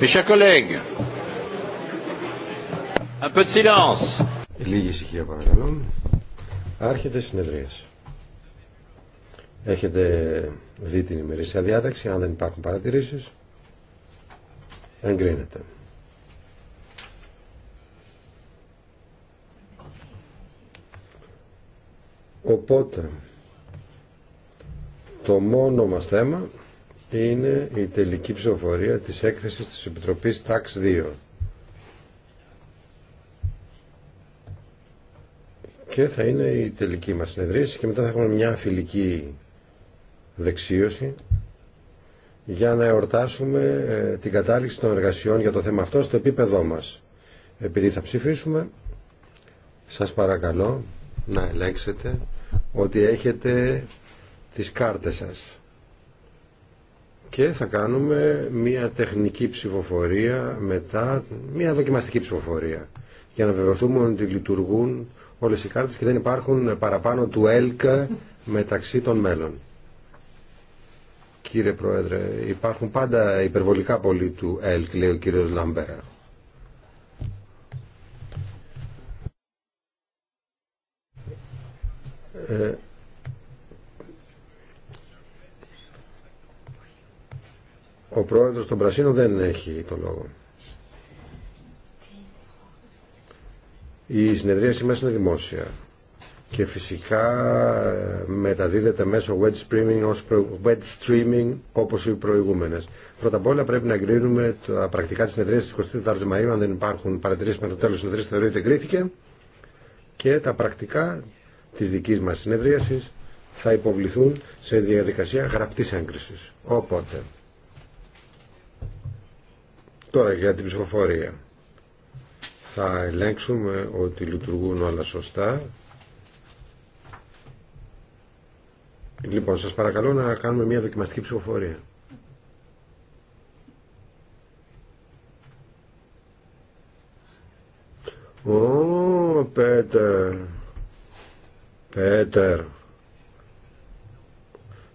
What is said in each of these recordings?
Mes chers collègues, un peu de silence. Λίγη ησυχία παρακαλώ. Άρχεται η συνεδρίαση. Έχετε δει την ημερήσια διάταξη. Αν δεν υπάρχουν παρατηρήσεις, εγκρίνεται. Οπότε, το μόνο μας θέμα είναι η τελική ψηφοφορία της έκθεσης της Επιτροπής ΤΑΞ 2. Και θα είναι η τελική μας συνεδρίαση και μετά θα έχουμε μια φιλική δεξίωση για να εορτάσουμε ε, την κατάληξη των εργασιών για το θέμα αυτό στο επίπεδό μας. Επειδή θα ψηφίσουμε, σας παρακαλώ να ελέγξετε ότι έχετε τις κάρτες σας και θα κάνουμε μια τεχνική ψηφοφορία μετά, μια δοκιμαστική ψηφοφορία για να βεβαιωθούμε ότι λειτουργούν όλες οι κάρτες και δεν υπάρχουν παραπάνω του ΕΛΚ μεταξύ των μέλων. Κύριε Πρόεδρε, υπάρχουν πάντα υπερβολικά πολλοί του ΕΛΚ, λέει ο κύριος Λαμπέρ. Ε, Ο πρόεδρος των Πρασίνων δεν έχει το λόγο. Η συνεδρίαση μας είναι δημόσια και φυσικά ε, μεταδίδεται μέσω web streaming, ως web streaming όπως οι προηγούμενες. Πρώτα απ' όλα πρέπει να εγκρίνουμε τα πρακτικά της συνεδρίας της 24 Μαΐου, αν δεν υπάρχουν παρατηρήσεις με το τέλος της συνεδρίας θεωρείται εγκρίθηκε και τα πρακτικά της δικής μας συνεδρίασης θα υποβληθούν σε διαδικασία γραπτής έγκρισης. Οπότε... Τώρα για την ψηφοφορία. Θα ελέγξουμε ότι λειτουργούν όλα σωστά. Λοιπόν, σας παρακαλώ να κάνουμε μια δοκιμαστική ψηφοφορία. Ω, Πέτερ. Πέτερ.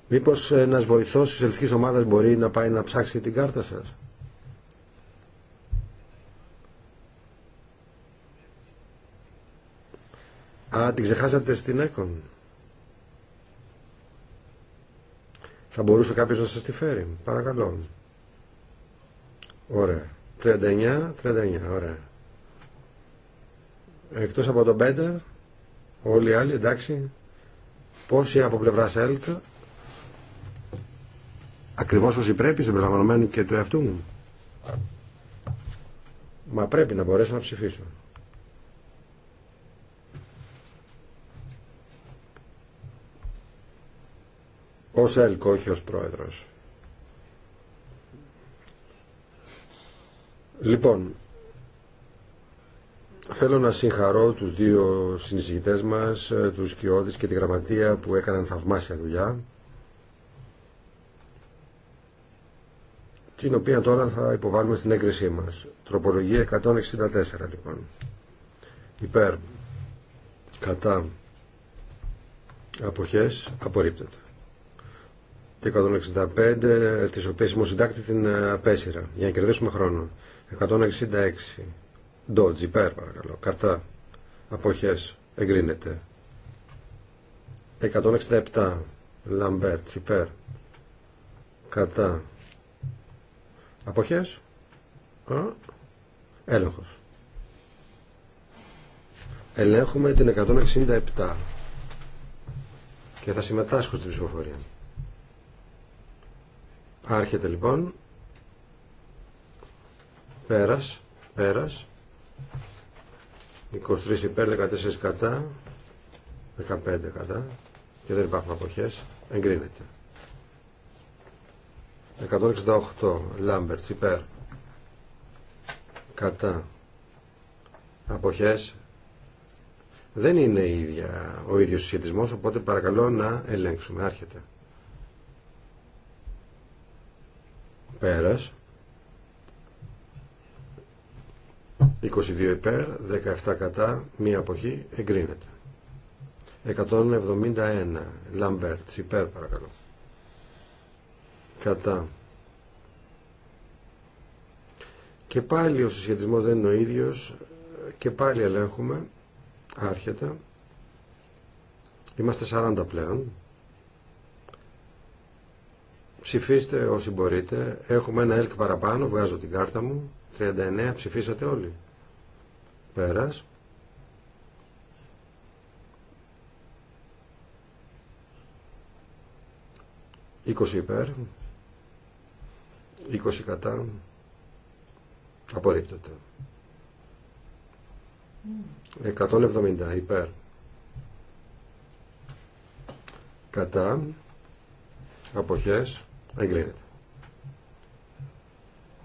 Μήπως ένας βοηθός της ελληνικής ομάδας μπορεί να πάει να ψάξει την κάρτα σας. Α, την ξεχάσατε στην ΕΚΟΝ. Θα μπορούσε κάποιος να σας τη φέρει. Παρακαλώ. Ωραία. 39, 39, ωραία. Εκτός από τον Πέντερ, όλοι οι άλλοι, εντάξει. Πόσοι από πλευρά ΣΕΛΚ ακριβώς όσοι πρέπει, συμπεριλαμβανομένου και του εαυτού μου. Μα πρέπει να μπορέσω να ψηφίσω. Ως ΕΛΚ, όχι ως πρόεδρος. Λοιπόν, θέλω να συγχαρώ τους δύο συνεισηγητές μας, τους Κιώδης και τη Γραμματεία που έκαναν θαυμάσια δουλειά. την οποία τώρα θα υποβάλουμε στην έγκρισή μας. Τροπολογία 164 λοιπόν. Υπέρ. Κατά. Αποχές. Απορρίπτεται. 165, τις οποίες μου συντάκτη την ε, απέσυρα, για να κερδίσουμε χρόνο. 166, Dodge, υπέρ παρακαλώ, κατά, αποχές, εγκρίνεται. 167, Lambert, υπέρ, κατά, αποχές, α, έλεγχος. Ελέγχουμε την 167 και θα συμμετάσχω στην ψηφοφορία. Άρχεται λοιπόν. Πέρας, πέρας. 23 υπέρ, 14 κατά, 15 κατά και δεν υπάρχουν αποχές. Εγκρίνεται. 168 Λάμπερτς υπέρ κατά αποχές δεν είναι ίδια, ο ίδιος συσχετισμός οπότε παρακαλώ να ελέγξουμε άρχεται Πέρας. 22 υπέρ, 17 κατά, μία αποχή, εγκρίνεται. 171, Λαμπέρτ, υπέρ παρακαλώ. Κατά. Και πάλι ο συσχετισμός δεν είναι ο ίδιος και πάλι ελέγχουμε, άρχεται. Είμαστε 40 πλέον. Ψηφίστε όσοι μπορείτε. Έχουμε ένα ΕΛΚ παραπάνω. Βγάζω την κάρτα μου. 39. Ψηφίσατε όλοι. Πέρας. Είκοσι υπέρ. 20 κατά. Απορρίπτεται. 170 υπέρ. Κατά. Αποχές. Εγκρίνεται.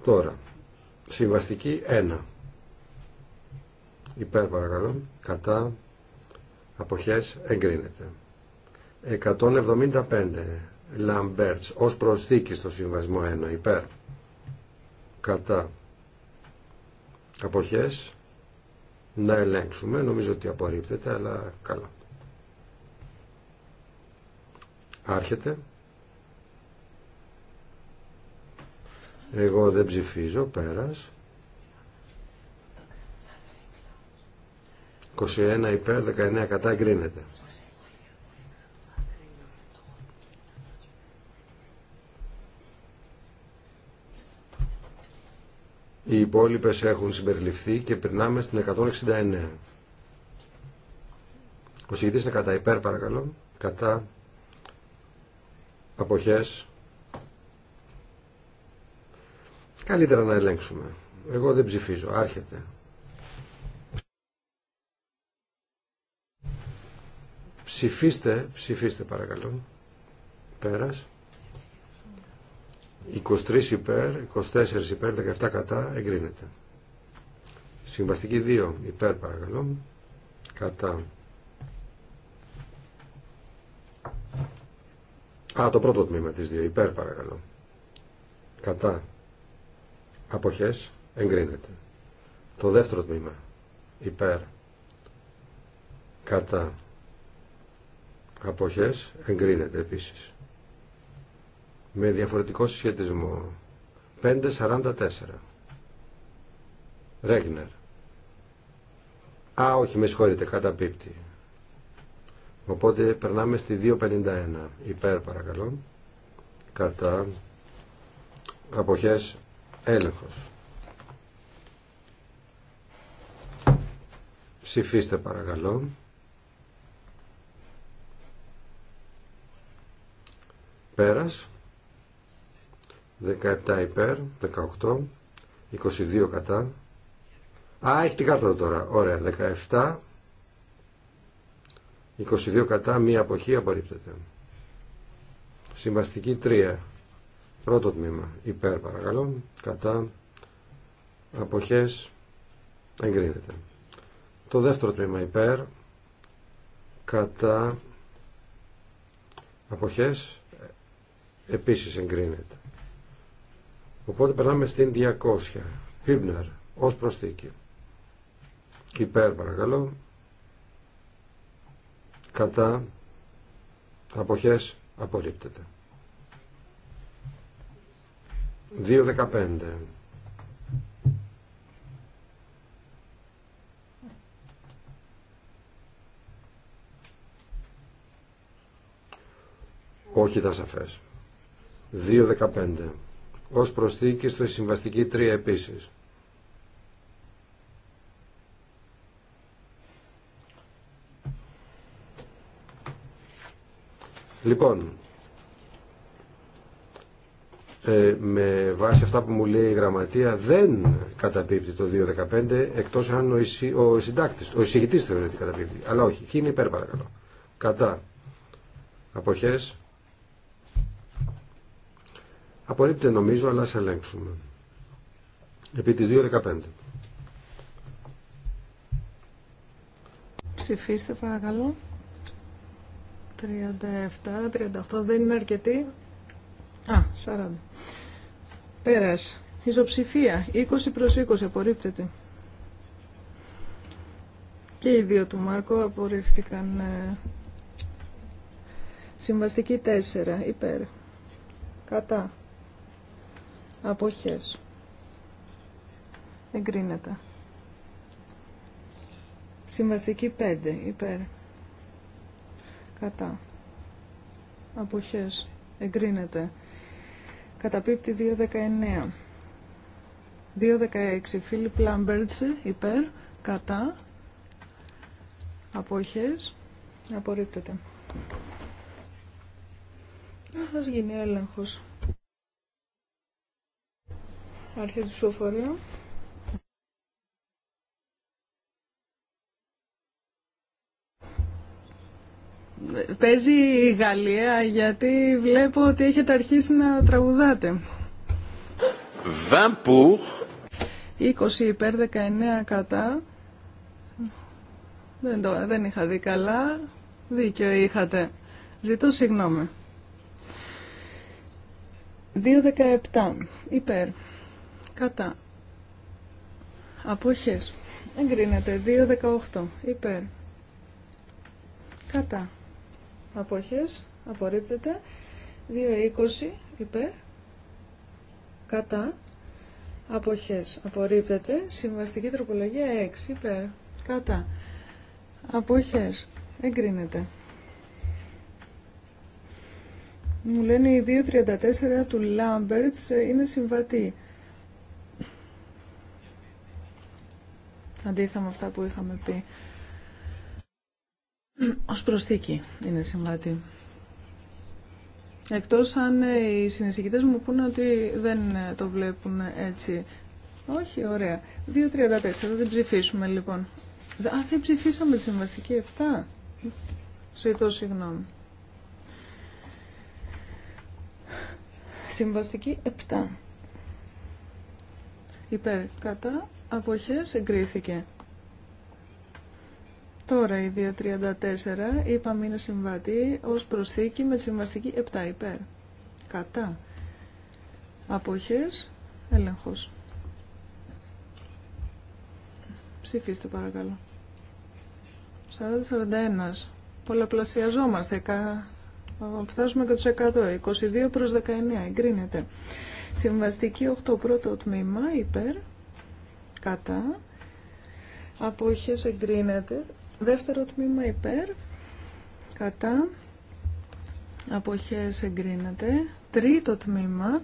Τώρα, συμβαστική 1. Υπέρ παρακαλώ, κατά, αποχές, εγκρίνεται. 175 Λαμπέρτς ως προσθήκη στο συμβασμό 1 υπέρ κατά αποχές να ελέγξουμε νομίζω ότι απορρίπτεται αλλά καλά άρχεται Εγώ δεν ψηφίζω, πέρας. 21 υπέρ, 19 κατά, γκρίνεται. Οι υπόλοιπε έχουν συμπεριληφθεί και περνάμε στην 169. Ο συγητής είναι κατά υπέρ, παρακαλώ. Κατά αποχές Καλύτερα να ελέγξουμε. Εγώ δεν ψηφίζω. Άρχεται. Ψηφίστε, ψηφίστε παρακαλώ. Πέρας. 23 υπέρ, 24 υπέρ, 17 κατά, εγκρίνεται. Συμβαστική 2 υπέρ παρακαλώ. Κατά. Α, το πρώτο τμήμα της 2 υπέρ παρακαλώ. Κατά αποχές εγκρίνεται. Το δεύτερο τμήμα υπέρ κατά αποχές εγκρίνεται επίσης. Με διαφορετικό συσχετισμό 5.44 Ρέγνερ Α, όχι, με συγχωρείτε, πίπτη. Οπότε περνάμε στη 2.51 υπέρ παρακαλώ κατά αποχές Έλεγχος. Ψηφίστε παρακαλώ. Πέρας. 17 υπέρ, 18, 22 κατά. Α, έχει την κάρτα τώρα. Ωραία, 17, 22 κατά, μία αποχή απορρίπτεται. Συμβαστική 3. Πρώτο τμήμα. Υπέρ παρακαλώ. Κατά. Αποχές. Εγκρίνεται. Το δεύτερο τμήμα υπέρ. Κατά. Αποχές. Επίσης εγκρίνεται. Οπότε περνάμε στην 200. Χίμπνερ. Ως προσθήκη. Υπέρ παρακαλώ. Κατά. Αποχές. Απορρίπτεται. 2.15 Όχι τα σαφές. 2.15 ως προσθήκη στο συμβαστική 3 επίσης. Λοιπόν, ε, με βάση αυτά που μου λέει η γραμματεία δεν καταπίπτει το 2.15 εκτός αν ο, ο συντάκτης, ο εισηγητής θεωρεί ότι καταπίπτει. Αλλά όχι. Ποιοι είναι υπέρ παρακαλώ. Κατά. Αποχές. απορρίπτε νομίζω αλλά ας ελέγξουμε. Επί της 2.15. Ψηφίστε παρακαλώ. 37, 38 δεν είναι αρκετή. Α, 40. Πέρας. Ισοψηφία. 20 προς 20 απορρίπτεται. Και οι δύο του Μάρκο απορρίφθηκαν. Ε, συμβαστική 4. Υπέρ. Κατά. Αποχές. Εγκρίνεται. Συμβαστική 5. Υπέρ. Κατά. Αποχές. Εγκρίνεται. Καταπίπτει 2.19. 2.16. Φίλιπ Λάμπερτσε υπέρ. Κατά. Αποχές. Απορρίπτεται. Ας γίνει έλεγχος. του ψηφοφορία. παίζει η Γαλλία γιατί βλέπω ότι έχετε αρχίσει να τραγουδάτε. 20 pour. 20 υπέρ 19 κατά. Δεν, το, δεν είχα δει καλά. Δίκιο είχατε. Ζητώ συγγνώμη. 2.17 υπέρ κατά αποχές εγκρίνεται 2.18 υπέρ κατά αποχές απορρίπτεται 2.20 ε, υπέρ κατά αποχές απορρίπτεται συμβαστική τροπολογία 6 υπέρ κατά αποχές εγκρίνεται μου λένε οι 2.34 του Λάμπερτς είναι συμβατή αντίθετα με αυτά που είχαμε πει Ω προσθήκη είναι συμβατή. Εκτό αν ε, οι συνεισηγητέ μου πούνε ότι δεν ε, το βλέπουν έτσι. Όχι, ωραία. 2.34, δεν ψηφίσουμε λοιπόν. Α, δεν ψηφίσαμε τη συμβαστική 7. Ζητώ συγγνώμη. Συμβαστική 7. Υπέρ, κατά, αποχές, εγκρίθηκε. Τώρα η 234 είπαμε είναι συμβατή ως προσθήκη με τη συμβαστική 7 υπέρ. Κατά. Αποχές. Έλεγχος. Ψηφίστε παρακαλώ. 40-41. Πολλαπλασιαζόμαστε. Φτάσουμε και τους 100. 22 προς 19. Εγκρίνεται. Συμβαστική 8 πρώτο τμήμα υπέρ. Κατά. Αποχές εγκρίνεται. Δεύτερο τμήμα υπέρ, κατά, αποχές εγκρίνεται. Τρίτο τμήμα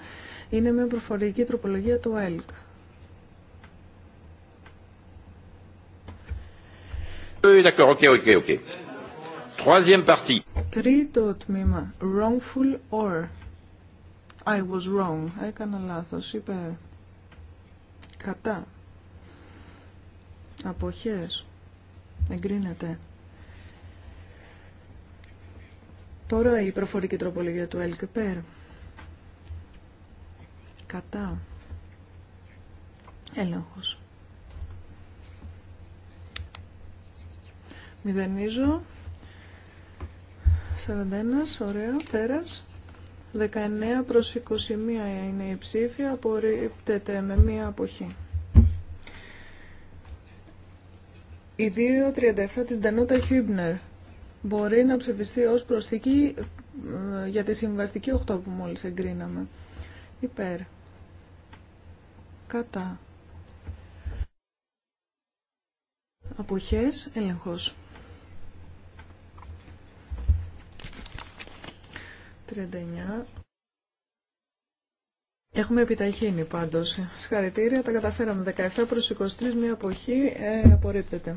είναι μια προφορική τροπολογία του ΕΛΚ. Ε, ok. partie. Τρίτο τμήμα. Wrongful or. I was wrong. Έκανα λάθος. Είπε κατά. Αποχές. Εγκρίνεται. Τώρα η προφορική τροπολογία του ΕΛΚΠΕΡ Κατά. Έλεγχος. Μηδενίζω. 41, ωραία, πέρας. 19 προς 21 είναι η ψήφια, απορρίπτεται με μία αποχή. Η 2.37 της Ντανούτα Χιούμπνερ μπορεί να ψηφιστεί ως προσθήκη ε, για τη συμβαστική 8 που μόλις εγκρίναμε. Υπέρ. Κατά. Αποχές, έλεγχος. 39 Έχουμε επιταχύνει πάντως. Συγχαρητήρια, τα καταφέραμε. 17 προς 23, μια αποχή, ε, απορρίπτεται.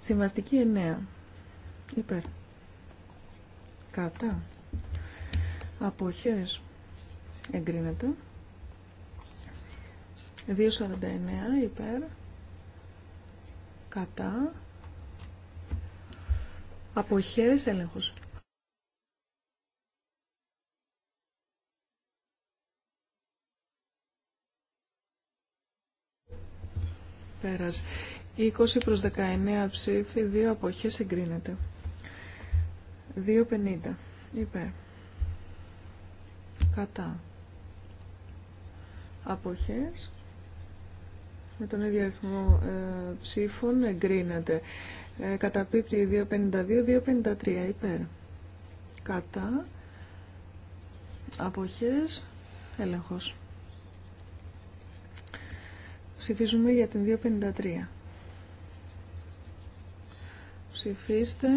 Συμβαστική 9. Υπέρ. Κατά. Αποχές. Εγκρίνεται. 2.49 υπέρ. Κατά. Αποχές έλεγχος. 20 προς 19 ψήφι, δύο αποχές εγκρίνεται. 2.50 υπέρ. Κατά. Αποχές. Με τον ίδιο αριθμό ε, ψήφων εγκρίνεται. Ε, καταπίπτει 2.52, 2.53 υπέρ. Κατά. Αποχές. Έλεγχος. Ψηφίζουμε για την 253. Ψηφίστε.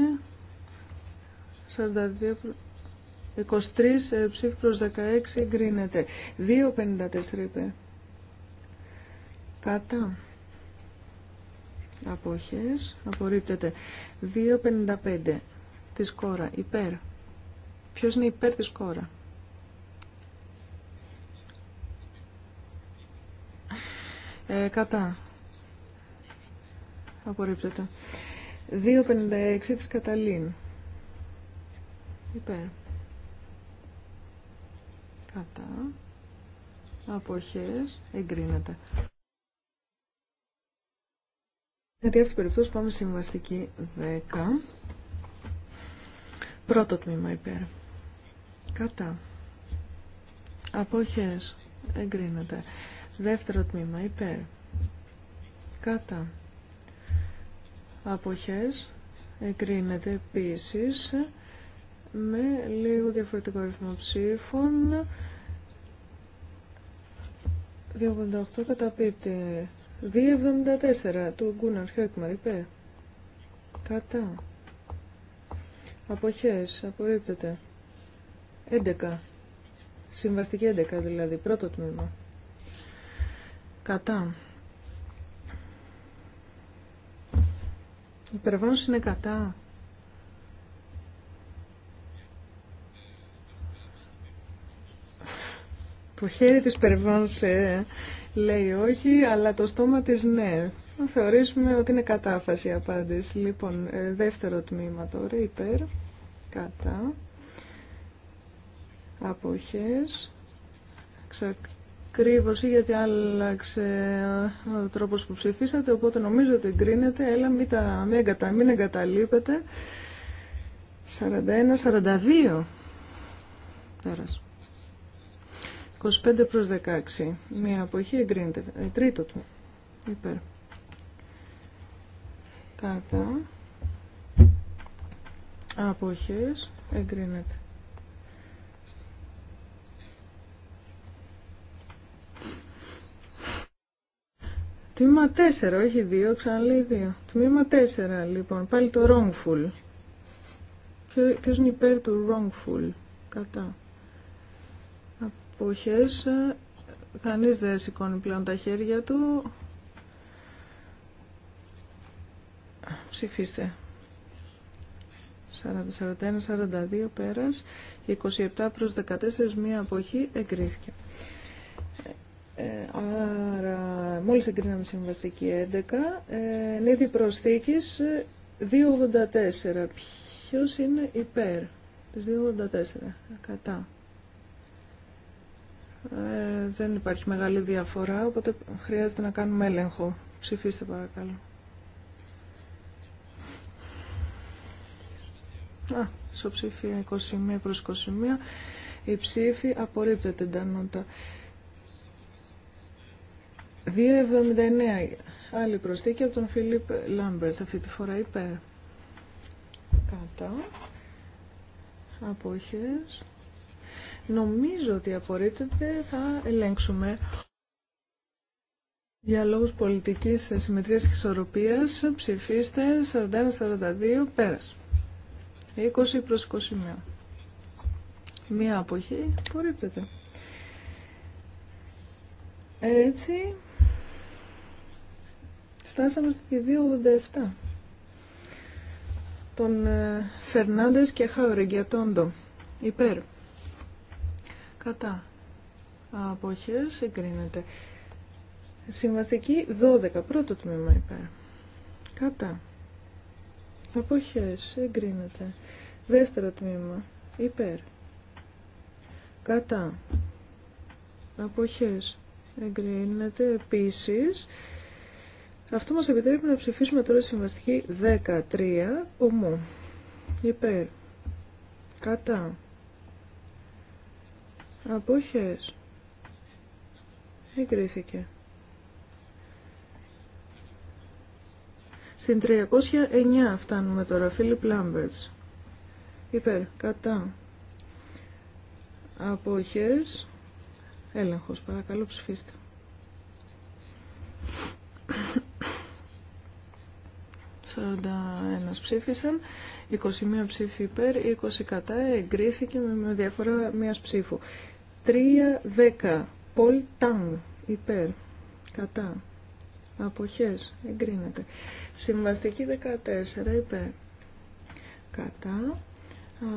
42 23 ε, ψήφι προς 16 εγκρίνεται. 2,54 είπε. Κατά. Αποχές. Απορρίπτεται. 2,55. Τη κόρα. Υπέρ. Ποιος είναι υπέρ της κόρα. Ε, κατά. Απορρίπτεται. 2.56 της Καταλήν. Υπέρ. Κατά. Αποχές. Εγκρίνεται. Γιατί αυτή την περίπτωση πάμε στη συμβαστική 10. Πρώτο τμήμα υπέρ. Κατά. Αποχές. Εγκρίνεται. Δεύτερο τμήμα υπέρ. Κατά. Αποχές εγκρίνεται επίση με λίγο διαφορετικό αριθμό ψήφων. 2,88 καταπίπτει. 2,74 του Γκούναρ Χέκμαρ υπέρ. Κατά. Αποχές απορρίπτεται. 11. Συμβαστική 11 δηλαδή. Πρώτο τμήμα. Κατά. Η είναι κατά. Το χέρι της υπερβόνωση ε, λέει όχι, αλλά το στόμα της ναι. Θεωρήσουμε ότι είναι κατάφαση η απάντηση. Λοιπόν, ε, δεύτερο τμήμα τώρα, υπέρ, κατά, αποχές, γιατί άλλαξε ο τρόπος που ψηφίσατε, οπότε νομίζω ότι εγκρίνεται. Έλα, μην, τα, μην, εγκατα, εγκαταλείπετε. 41-42. 25 προς 16. Μία αποχή εγκρίνεται. Ε, τρίτο του. Υπέρ. Κατά. Αποχές εγκρίνεται. Τμήμα 4, όχι 2, ξαναλέει 2. Τμήμα 4, λοιπόν, πάλι το wrongful. Ποιο είναι υπέρ του wrongful, κατά. Αποχές, κανείς δεν σηκώνει πλέον τα χέρια του. ψηφιστε 40-41-42 πέρας, 27 προς 14, μία αποχή εγκρίθηκε. Ε, άρα, μόλις εγκρίναμε συμβαστική 11, ε, ήδη προσθήκης 2.84. Ε, Ποιος είναι υπέρ της 2.84, κατά. Ε, δεν υπάρχει μεγάλη διαφορά, οπότε χρειάζεται να κάνουμε έλεγχο. Ψηφίστε παρακαλώ. Α, ισοψηφία 21 προς 21. Η ψήφη απορρίπτεται, Ντανούτα. 2,79. Άλλη προσθήκη από τον Φίλιπ Λάμπερτ. Αυτή τη φορά υπέρ. Κατά. Απόχες. Νομίζω ότι απορρίπτεται. Θα ελέγξουμε. Για λόγους πολιτικής συμμετρίας και ισορροπίας ψηφίστε 41-42 πέρας. 20 προς 21. Μία αποχή απορρίπτεται. Έτσι, Φτάσαμε στη 287 Τον ε, Φερνάντες και Χάουρεγγια Τόντο. Υπέρ. Κατά. Αποχές εγκρίνεται. Συμβαστική 12. Πρώτο τμήμα υπέρ. Κατά. Αποχές εγκρίνεται. Δεύτερο τμήμα υπέρ. Κατά. Αποχές εγκρίνεται επίσης αυτό μας επιτρέπει να ψηφίσουμε τώρα συμβαστική 13 ομού. Υπέρ. Κατά. Απόχες. Εγκρίθηκε. Στην 309 φτάνουμε τώρα, Φίλιπ Λάμπερτς. Υπέρ, κατά. Απόχες. Έλεγχος, παρακαλώ ψηφίστε. 41 ψήφισαν, 21 ψήφοι υπέρ, 20 κατά, εγκρίθηκε με διαφορά μιας ψήφου. 3-10, Πολ Τάγκ, υπέρ, κατά, αποχές, εγκρίνεται. Συμβαστική 14, υπέρ, κατά,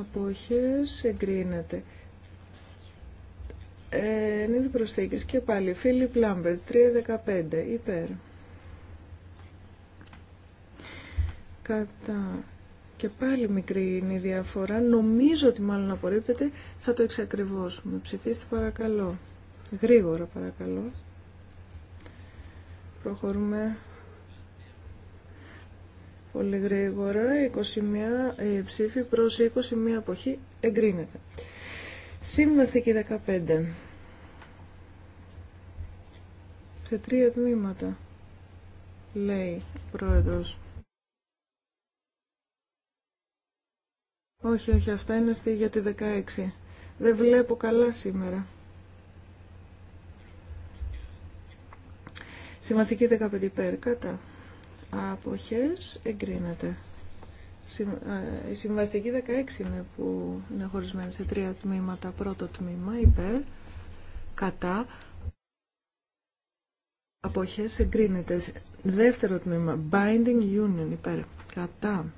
αποχές, εγκρίνεται. Ε, είναι προσθήκης και πάλι. Φίλιπ Λάμπερτ, 3-15, υπέρ κατά και πάλι μικρή είναι η διαφορά. Νομίζω ότι μάλλον απορρίπτεται. Θα το εξακριβώσουμε. Ψηφίστε παρακαλώ. Γρήγορα παρακαλώ. Προχωρούμε πολύ γρήγορα. 21 ε, ψήφοι προς 21 αποχή εγκρίνεται. Σύμβαστηκε 15. Σε τρία τμήματα λέει ο πρόεδρος. Όχι, όχι, αυτά είναι στη, για τη 16. Δεν βλέπω καλά σήμερα. Συμβαστική 15 υπέρ, κατά. Αποχές εγκρίνεται. Ε, η συμβαστική 16 είναι που είναι χωρισμένη σε τρία τμήματα. Πρώτο τμήμα υπέρ, κατά. Αποχές εγκρίνεται. Δεύτερο τμήμα, binding union υπέρ, κατά.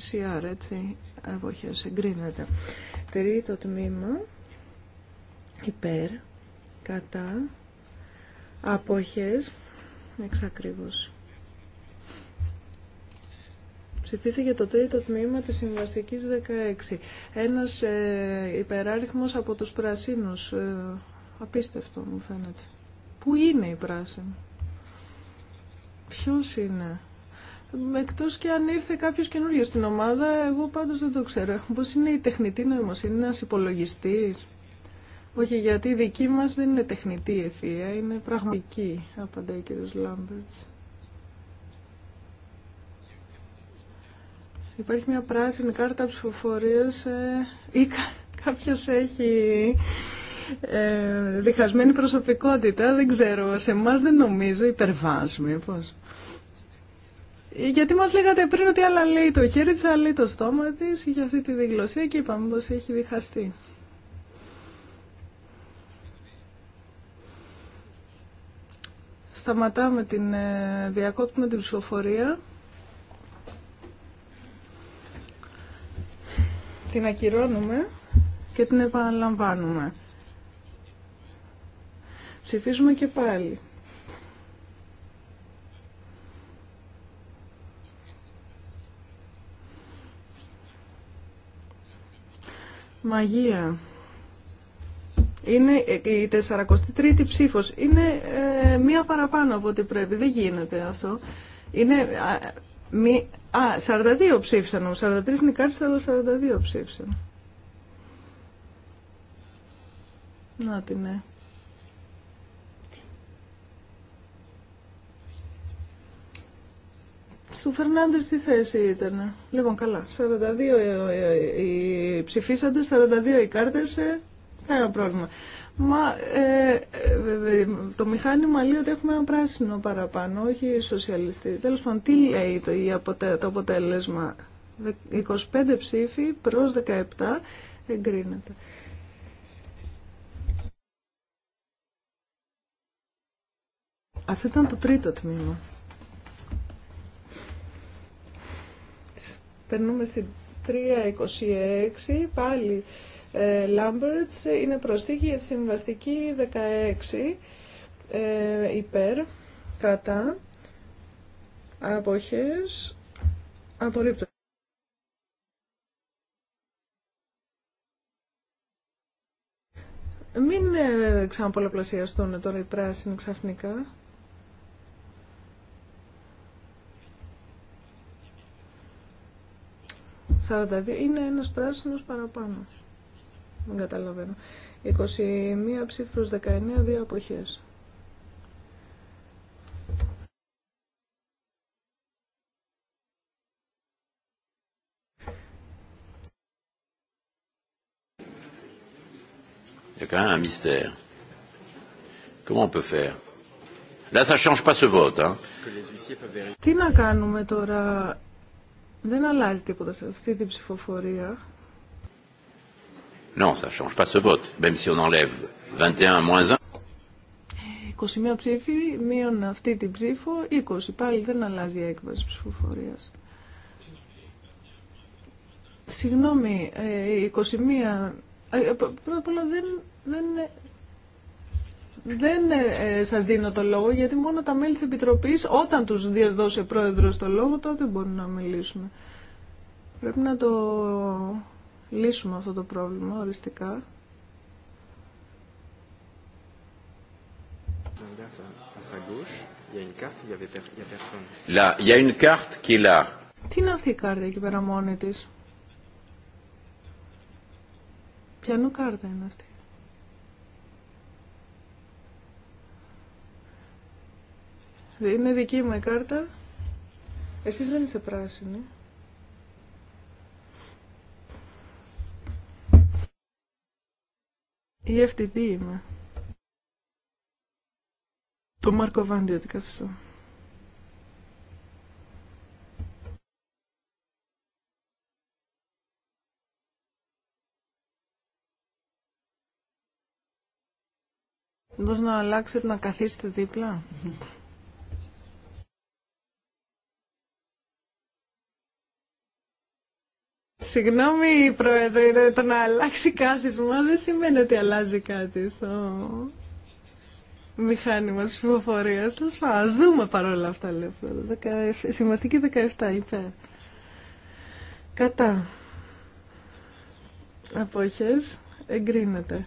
CR, έτσι, εποχέ εγκρίνεται. Τρίτο τμήμα, υπέρ, κατά, αποχές, Εξακριβώ. Ψηφίστε για το τρίτο τμήμα της συμβαστικής 16. Ένας ε, από τους πρασίνους. Ε, απίστευτο μου φαίνεται. Πού είναι η πράσινη. Ποιος είναι. Εκτό και αν ήρθε κάποιο καινούριο στην ομάδα, εγώ πάντω δεν το ξέρω. πώ είναι η τεχνητή νοημοσύνη, ένα υπολογιστή. Όχι, γιατί η δική μα δεν είναι τεχνητή ευθεία, είναι πραγματική, απαντάει ο κ. Λάμπερτ. Υπάρχει μια πράσινη κάρτα ψηφοφορία ε, ή κα, κάποιος έχει ε, διχασμένη προσωπικότητα, δεν ξέρω, σε εμά δεν νομίζω, υπερβάζουμε, γιατί μας λέγατε πριν ότι άλλα λέει το χέρι της, άλλα λέει το στόμα της για αυτή τη διγλωσία και είπαμε πως έχει διχαστεί. Σταματάμε την, ε, διακόπτουμε την ψηφοφορία. Την ακυρώνουμε και την επαναλαμβάνουμε. Ψηφίζουμε και πάλι. μαγεία. Είναι η 43η ψήφος. Είναι ε, μία παραπάνω από ό,τι πρέπει. Δεν γίνεται αυτό. Είναι... Α, α 42 ψήφισαν. 43 είναι αλλά 42 ψήφισαν. Να την ναι. Του Φερνάντε τι θέση ήταν. Λοιπόν, καλά. 42 ε, ε, οι ψηφίσαντε, 42 οι κάρτε. Ε, κανένα πρόβλημα. Μα ε, το μηχάνημα λέει ότι έχουμε ένα πράσινο παραπάνω, όχι σοσιαλιστή. Τέλο, πάντων, τι λέει το, το αποτέλεσμα. 25 ψήφοι προς 17 εγκρίνεται. Αυτό ήταν το τρίτο τμήμα. Περνούμε στην 326, πάλι ε, είναι προσθήκη για τη συμβαστική 16, ε, υπέρ, κατά, αποχές, απορρίπτω. Μην ε, ξαναπολαπλασιαστούν τώρα οι πράσινοι ξαφνικά. Είναι ένας πράσινος παραπάνω. Δεν καταλαβαίνω. 21 ψήφους 19, δύο αποχές. C'est quand même un mystère. Comment Τι να κάνουμε τώρα, δεν αλλάζει τίποτα σε αυτή την ψηφοφορία. Non, ça change pas ce vote, même si on enlève 21 moins 1. 21 ψήφοι, μείον αυτή την ψήφο, 20. Πάλι δεν αλλάζει η έκβαση ψηφοφορίας. Συγγνώμη, 21, ε, ε, ε, όλα δεν, δεν δεν ε, ε, σας δίνω το λόγο γιατί μόνο τα μέλη της Επιτροπής όταν τους δώσει ο πρόεδρος το λόγο τότε μπορούν να μιλήσουν. Πρέπει να το λύσουμε αυτό το πρόβλημα οριστικά. Τι είναι αυτή η κάρτα εκεί πέρα μόνη της. Πιανού κάρτα είναι αυτή. Είναι δική μου η κάρτα. Εσείς δεν είστε πράσινοι. Η FTD είμαι. Το Μάρκο Βάντι καθιστώ. Μπορείς να αλλάξετε να καθίσετε δίπλα. Συγγνώμη, Πρόεδρε, το να αλλάξει κάθισμα δεν σημαίνει ότι αλλάζει κάτι στο μηχάνημα τη ψηφοφορία. Α δούμε παρόλα αυτά, λέω. 17, υπέρ. Κατά. Απόχες. Εγκρίνεται.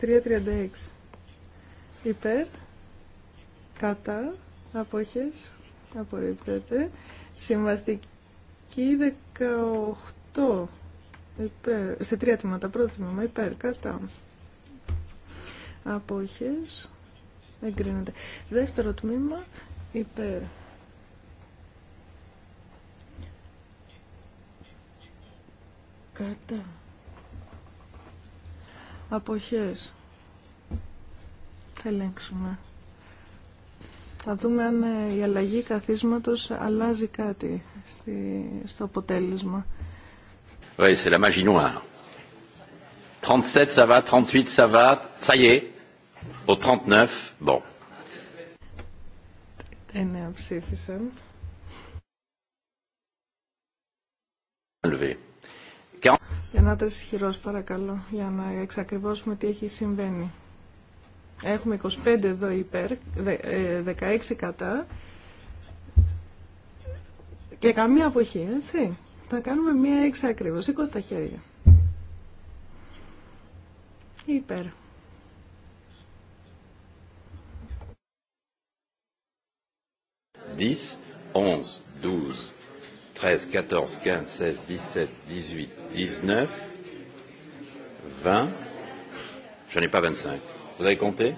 3.36. Υπέρ. Κατά. Απόχες. Απορρίπτεται. Συμβαστική η 18 υπέρ, σε τρία τμήματα. Πρώτο τμήμα υπέρ, κατά. Απόχες. εγκρίνονται Δεύτερο τμήμα υπέρ. Κατά. Αποχές. Θα ελέγξουμε. Θα δούμε αν ε, η αλλαγή καθίσματος αλλάζει κάτι στη, στο αποτέλεσμα. Oui, c'est la magie 37 ça va, 38 ça va, ça y est. Au 39, bon. 39 ψήφισαν. Για να είστε παρακαλώ, για να εξακριβώσουμε τι έχει συμβαίνει. Έχουμε 25 εδώ υπέρ, 16 ε, κατά και καμία αποχή, έτσι. Θα κάνουμε μία έξα ακριβώς, σήκω στα χέρια. Υπέρ. 10, 11, 12, 13, 14, 15, 16, 17, 18, 19, 20, δεν 25. Vous avez compté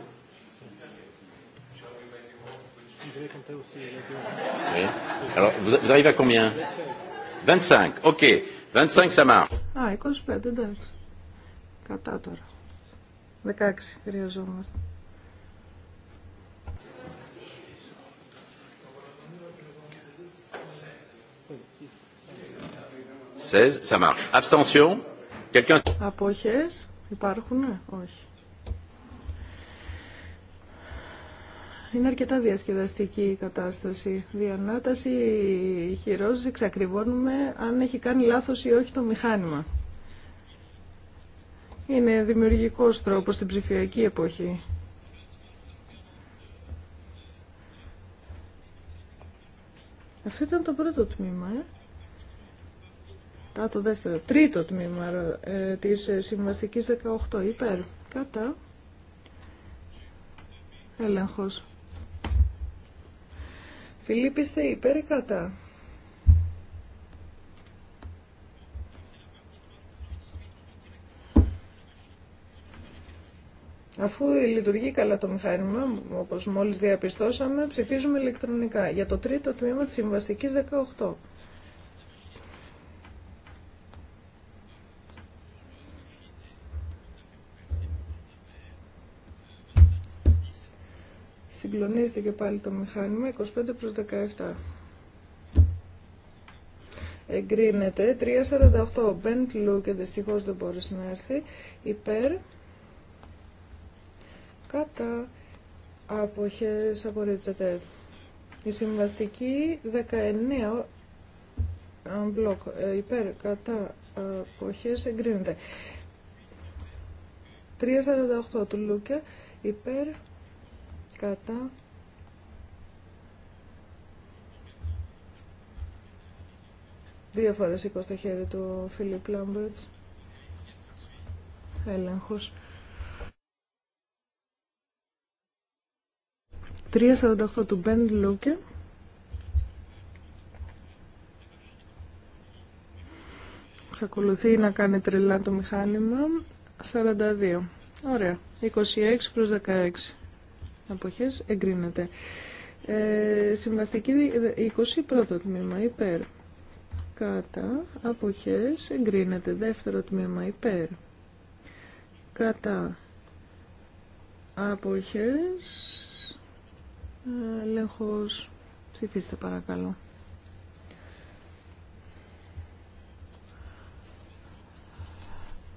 Oui. Alors, vous, vous arrivez à combien 25. OK. 25, ça marche. Α, 25, εντάξει. Κατά τώρα. 16 χρειαζόμαστε. Ça marche. Abstention. Quelqu'un. Αποχές. non? Όχι. Είναι αρκετά διασκεδαστική η κατάσταση. Διανάταση χειρός εξακριβώνουμε αν έχει κάνει λάθος ή όχι το μηχάνημα. Είναι δημιουργικός τρόπος στην ψηφιακή εποχή. Αυτό ήταν το πρώτο τμήμα. Ε. το δεύτερο. Τρίτο τμήμα ε, της συμβαστικής 18. Υπέρ. Κατά. Έλεγχος. Φιλίπ, είστε υπέρ ή κατά. Αφού λειτουργεί καλά το μηχάνημα, όπως μόλις διαπιστώσαμε, ψηφίζουμε ηλεκτρονικά για το τρίτο τμήμα της συμβαστικής 18. Συγκλονίζεται και πάλι το μηχάνημα. 25 προς 17. Εγκρίνεται. 3.48. Μπεντ Λούκε δυστυχώ δεν μπορείς να έρθει. Υπέρ. Κατά. Αποχές απορρίπτεται. Η συμβαστική 19. Μπλοκ. Ε, υπέρ. Κατά. Αποχές εγκρίνεται. 3.48 του Λούκε. Υπέρ κατά δύο φορέ σήκω στο χέρι του Φίλιπ Λάμπερτ. έλεγχο. 3.48 του Μπεν Λούκε Ξακολουθεί να κάνει τρελά το μηχάνημα 42 Ωραία 26 προς 16 αποχές εγκρίνεται. Ε, συμβαστική 21ο τμήμα υπέρ. Κατά αποχές εγκρίνεται. Δεύτερο τμήμα υπέρ. Κατά αποχές ελέγχος. Ψηφίστε παρακαλώ.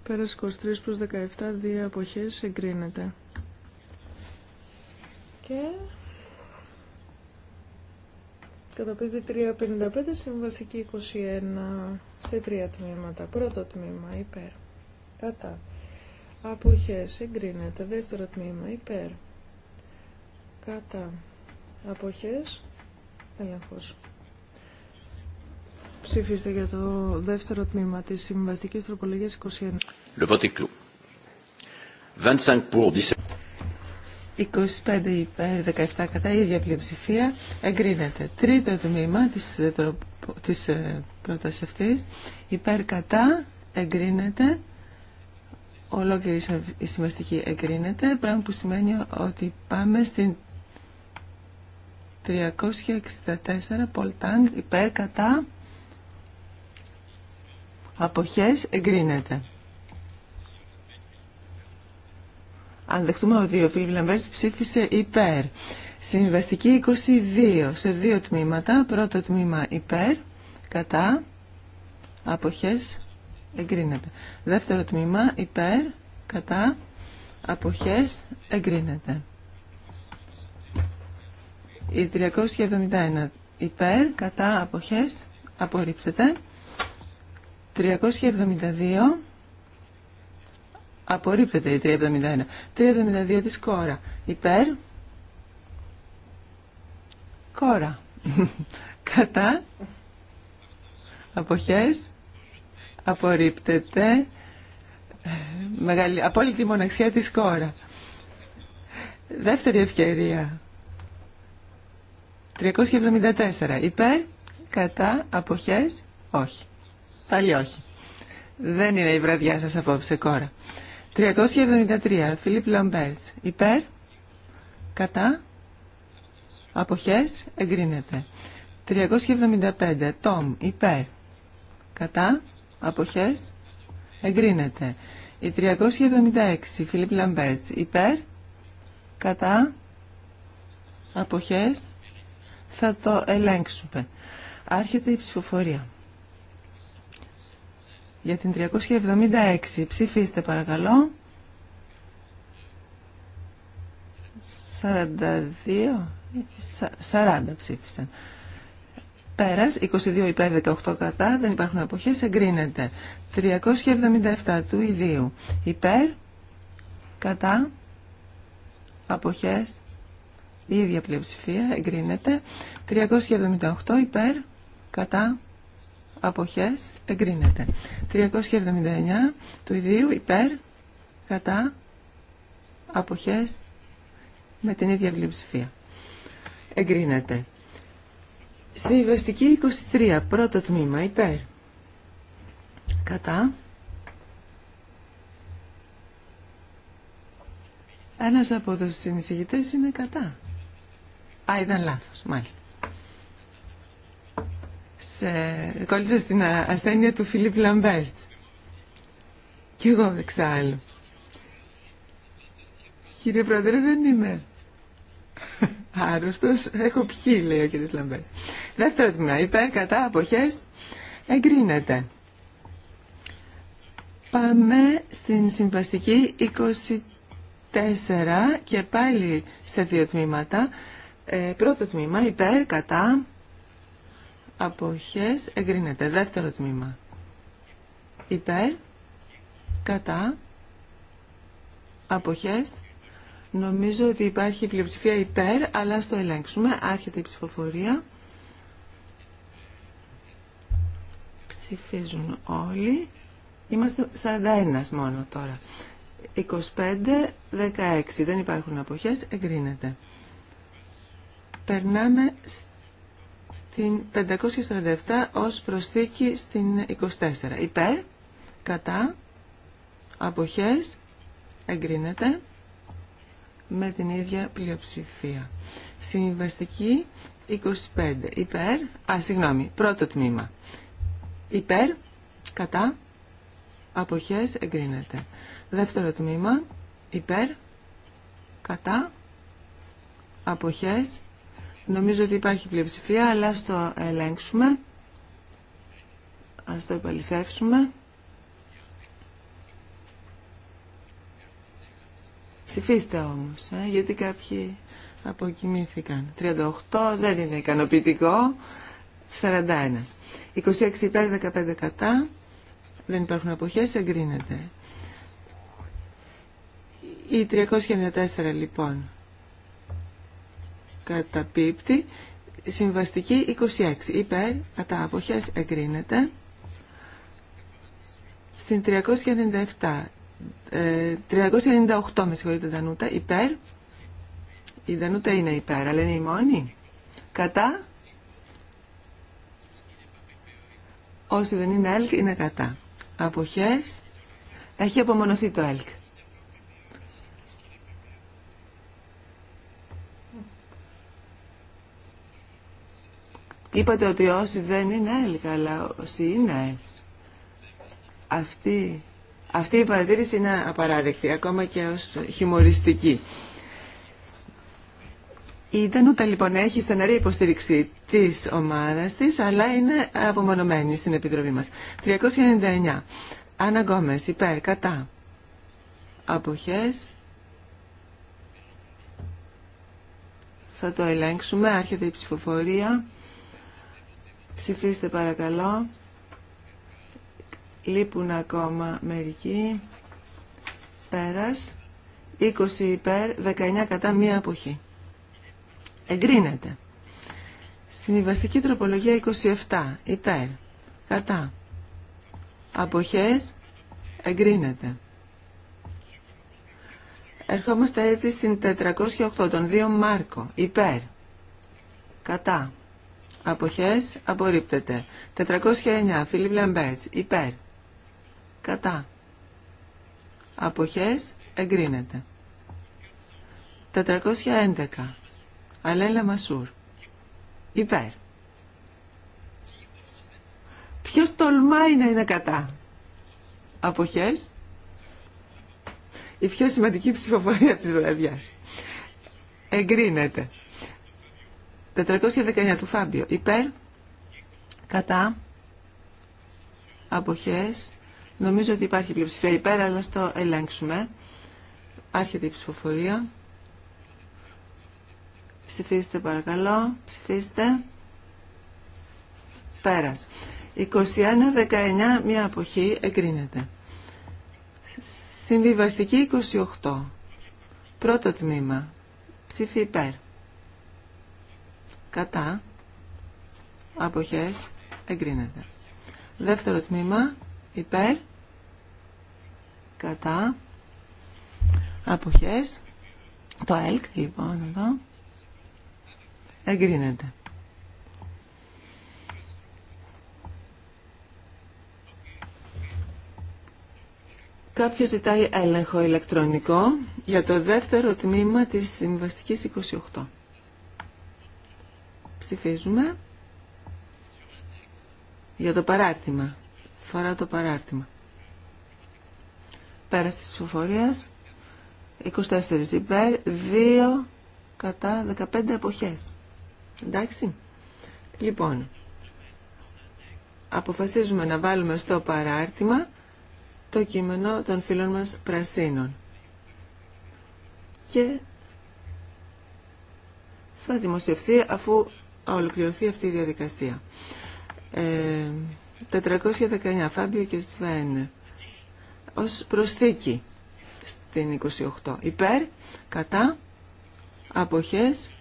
Πέρας 23 προς 17, δύο αποχές εγκρίνεται και καταπίπτει 3.55 συμβαστική 21 σε τρία τμήματα. Πρώτο τμήμα υπέρ. Κατά. Αποχές εγκρίνεται. Δεύτερο τμήμα υπέρ. Κατά. Αποχές. Ελεγχός. Ψηφίστε για το δεύτερο τμήμα της συμβαστικής τροπολογίας 21. Le vote est clos. 25 pour 17. 25 υπέρ 17 κατά η ίδια πλειοψηφία εγκρίνεται. Τρίτο τμήμα της, ε, της ε, πρότασης αυτής υπέρ κατά εγκρίνεται ολόκληρη η σημαστική εγκρίνεται πράγμα που σημαίνει ότι πάμε στην 364 πολτάν υπέρ κατά αποχές εγκρίνεται. αν δεχτούμε ότι ο Φίλιπ Λαμπέρτ ψήφισε υπέρ. Συμβαστική 22 σε δύο τμήματα. Πρώτο τμήμα υπέρ, κατά, αποχές, εγκρίνεται. Δεύτερο τμήμα υπέρ, κατά, αποχές, εγκρίνεται. Η 371 υπέρ, κατά, αποχές, απορρίπτεται. 372 Απορρίπτεται η 371. 372 της κόρα. Υπέρ. Κόρα. Κατά. Αποχές. Απορρίπτεται. Μεγάλη, απόλυτη μοναξιά της κόρα. Δεύτερη ευκαιρία. 374. Υπέρ. Κατά. Αποχές. Όχι. Πάλι όχι. Δεν είναι η βραδιά σας απόψε κόρα. 373. Φιλίπ Λαμπέρτς. Υπέρ. Κατά. Αποχές. Εγκρίνεται. 375. Τόμ. Υπέρ. Κατά. Αποχές. Εγκρίνεται. Η 376. Φιλίπ Λαμπέρτς. Υπέρ. Κατά. Αποχές. Θα το ελέγξουμε. Άρχεται η ψηφοφορία για την 376. Ψηφίστε παρακαλώ. 42, 40 ψήφισαν. Πέρας, 22 υπέρ 18 κατά, δεν υπάρχουν αποχές, εγκρίνεται. 377 του ιδίου. Υπέρ, κατά, αποχές, η ίδια πλειοψηφία, εγκρίνεται. 378 υπέρ, κατά, αποχές εγκρίνεται. 379 του ιδίου υπέρ κατά αποχές με την ίδια πλειοψηφία. Εγκρίνεται. Συμβαστική 23, πρώτο τμήμα, υπέρ. Κατά. Ένας από τους συνεισηγητές είναι κατά. Α, ήταν λάθος, μάλιστα σε, κόλλησα στην ασθένεια του Φιλίπ Λαμπέρτς. Κι εγώ εξάλλου. Κύριε Πρόεδρε, δεν είμαι άρρωστος. Έχω πιει, λέει ο κύριος Λαμπέρτς. Δεύτερο τμήμα, υπέρ, κατά, αποχές, εγκρίνεται. Πάμε στην συμβαστική 24 και πάλι σε δύο τμήματα. Ε, πρώτο τμήμα, υπέρ, κατά, αποχές εγκρίνεται. Δεύτερο τμήμα. Υπέρ, κατά, αποχές. Νομίζω ότι υπάρχει πλειοψηφία υπέρ, αλλά στο ελέγξουμε. Άρχεται η ψηφοφορία. Ψηφίζουν όλοι. Είμαστε 41 μόνο τώρα. 25, 16. Δεν υπάρχουν αποχές. Εγκρίνεται. Περνάμε την 547 ως προσθήκη στην 24. Υπέρ, κατά, αποχές, εγκρίνεται με την ίδια πλειοψηφία. Συμβαστική 25. Υπέρ, α, συγγνώμη, πρώτο τμήμα. Υπέρ, κατά, αποχές, εγκρίνεται. Δεύτερο τμήμα, υπέρ, κατά, αποχές, Νομίζω ότι υπάρχει πλειοψηφία, αλλά ας το ελέγξουμε. Ας το επαληθεύσουμε. Ψηφίστε όμως, ε, γιατί κάποιοι αποκοιμήθηκαν. 38 δεν είναι ικανοποιητικό. 41. 26 υπέρ, 15 κατά. Δεν υπάρχουν αποχές, εγκρίνεται. Οι 394 λοιπόν καταπίπτει. Συμβαστική 26 υπέρ κατά αποχές εγκρίνεται. Στην 397, 398 ε, με συγχωρείτε Δανούτα, υπέρ. Η Δανούτα είναι υπέρ, αλλά είναι η μόνη. Κατά. Όσοι δεν είναι ΕΛΚ είναι κατά. Αποχές. Έχει απομονωθεί το ΕΛΚ. Είπατε ότι όσοι δεν είναι έλικα, αλλά όσοι είναι. Αυτή, αυτή η παρατήρηση είναι απαράδεκτη, ακόμα και ως χιουμοριστική. Η Ντανούτα λοιπόν έχει στεναρή υποστήριξη της ομάδας της, αλλά είναι απομονωμένη στην Επιτροπή μας. 399. Άννα Γκόμες, υπέρ, κατά. Αποχές. Θα το ελέγξουμε. Άρχεται η ψηφοφορία. Ψηφίστε παρακαλώ. Λείπουν ακόμα μερικοί. Πέρας. 20 υπέρ, 19 κατά μία αποχή. Εγκρίνεται. Συμβιβαστική τροπολογία 27. Υπέρ. Κατά. Αποχές. Εγκρίνεται. Ερχόμαστε έτσι στην 408 τον 2 Μάρκο. Υπέρ. Κατά. Αποχές απορρίπτεται. 409. Φίλιπ Λεμπέρτς, Υπέρ. Κατά. Αποχές εγκρίνεται. 411. Αλέλα Μασούρ. Υπέρ. Ποιος τολμάει να είναι κατά. Αποχές. Η πιο σημαντική ψηφοφορία της βραδιάς. Εγκρίνεται. 419 του Φάμπιο. Υπέρ, κατά, αποχές. Νομίζω ότι υπάρχει πλειοψηφία υπέρ, αλλά στο ελέγξουμε. Άρχεται η ψηφοφορία. Ψηφίστε παρακαλώ. Ψηφίστε. Πέρας. 21-19 μία αποχή εγκρίνεται. Συμβιβαστική 28. Πρώτο τμήμα. Ψήφι υπέρ κατά αποχές εγκρίνεται. Δεύτερο τμήμα υπέρ κατά αποχές το ΕΛΚ λοιπόν εδώ εγκρίνεται. Κάποιος ζητάει έλεγχο ηλεκτρονικό για το δεύτερο τμήμα της συμβαστικής 28. Ψηφίζουμε για το παράρτημα. Φορά το παράρτημα. Πέρα τη ψηφοφορίας. 24 υπέρ, 2 κατά 15 εποχές. Εντάξει. Λοιπόν, αποφασίζουμε να βάλουμε στο παράρτημα το κείμενο των φίλων μας πρασίνων. Και θα δημοσιευθεί αφού ολοκληρωθεί αυτή η διαδικασία. Ε, 419. Φάμπιο και Σβέν. Ως προσθήκη στην 28. Υπέρ, κατά, αποχές,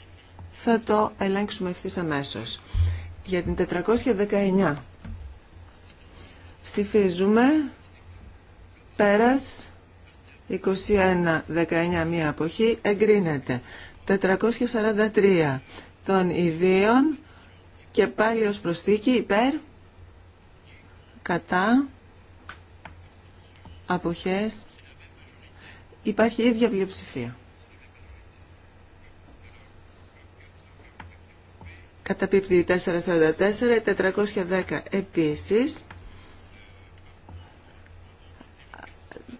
θα το ελέγξουμε ευθύ αμέσω. Για την 419. Ψηφίζουμε. Πέρας. 21, 19, μία αποχή. Εγκρίνεται. 443 των ιδίων και πάλι ως προσθήκη υπέρ, κατά, αποχές, υπάρχει η ίδια πλειοψηφία. Καταπίπτει 444, 410 επίσης.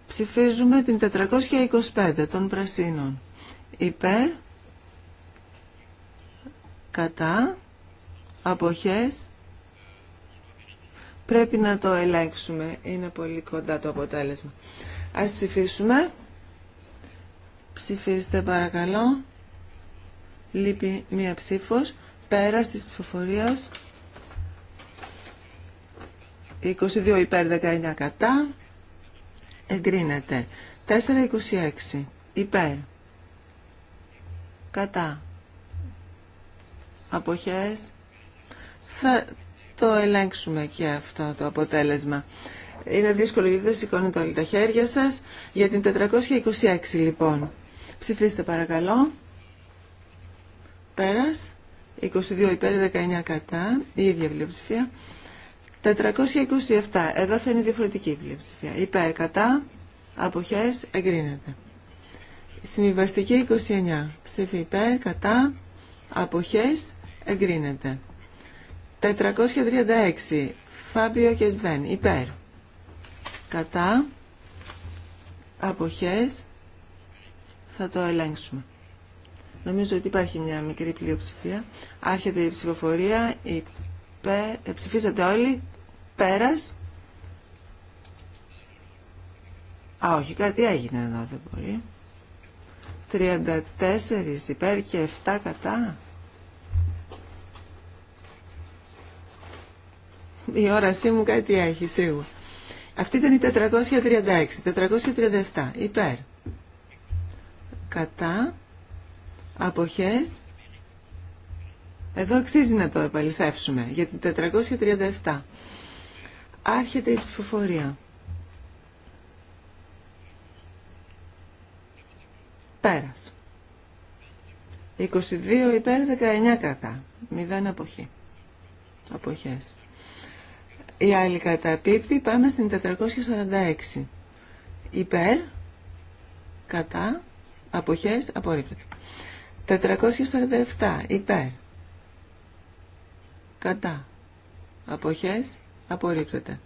Ψηφίζουμε την 425 των πρασίνων. Υπέρ, κατά, αποχές, πρέπει να το ελέγξουμε. Είναι πολύ κοντά το αποτέλεσμα. Ας ψηφίσουμε. Ψηφίστε παρακαλώ. Λείπει μία ψήφος. Πέρα της ψηφοφορίας. 22 υπέρ 19 κατά. Εγκρίνεται. 426 υπέρ. Κατά αποχές θα το ελέγξουμε και αυτό το αποτέλεσμα. Είναι δύσκολο γιατί δεν σηκώνετε όλοι τα χέρια σας. Για την 426 λοιπόν. Ψηφίστε παρακαλώ. Πέρας. 22 υπέρ, 19 κατά. Η ίδια βιβλιοψηφία 427. Εδώ θα είναι διαφορετική η πλειοψηφία. Υπέρ, κατά. Αποχές εγκρίνεται. Συμβιβαστική 29. Ψήφι υπέρ, κατά αποχές εγκρίνεται. 436 Φάμπιο και Σβέν υπέρ κατά αποχές θα το ελέγξουμε. Νομίζω ότι υπάρχει μια μικρή πλειοψηφία. Άρχεται η ψηφοφορία, Υπέ... Ε, ψηφίσατε όλοι, πέρας. Α, όχι, κάτι έγινε εδώ, δεν μπορεί. 34 υπέρ και 7 κατά. Η όρασή μου κάτι έχει σίγουρα. Αυτή ήταν η 436, 437 υπέρ. Κατά, αποχές, εδώ αξίζει να το επαληθεύσουμε για την 437. Άρχεται η ψηφοφορία. Πέρας. 22 υπέρ, 19 κατά. 0 αποχή. Αποχές. Η άλλη καταπίπτει. Πάμε στην 446. Υπέρ, κατά, αποχές, απορρίπτεται. 447. Υπέρ. Κατά. Αποχές. Απορρίπτεται.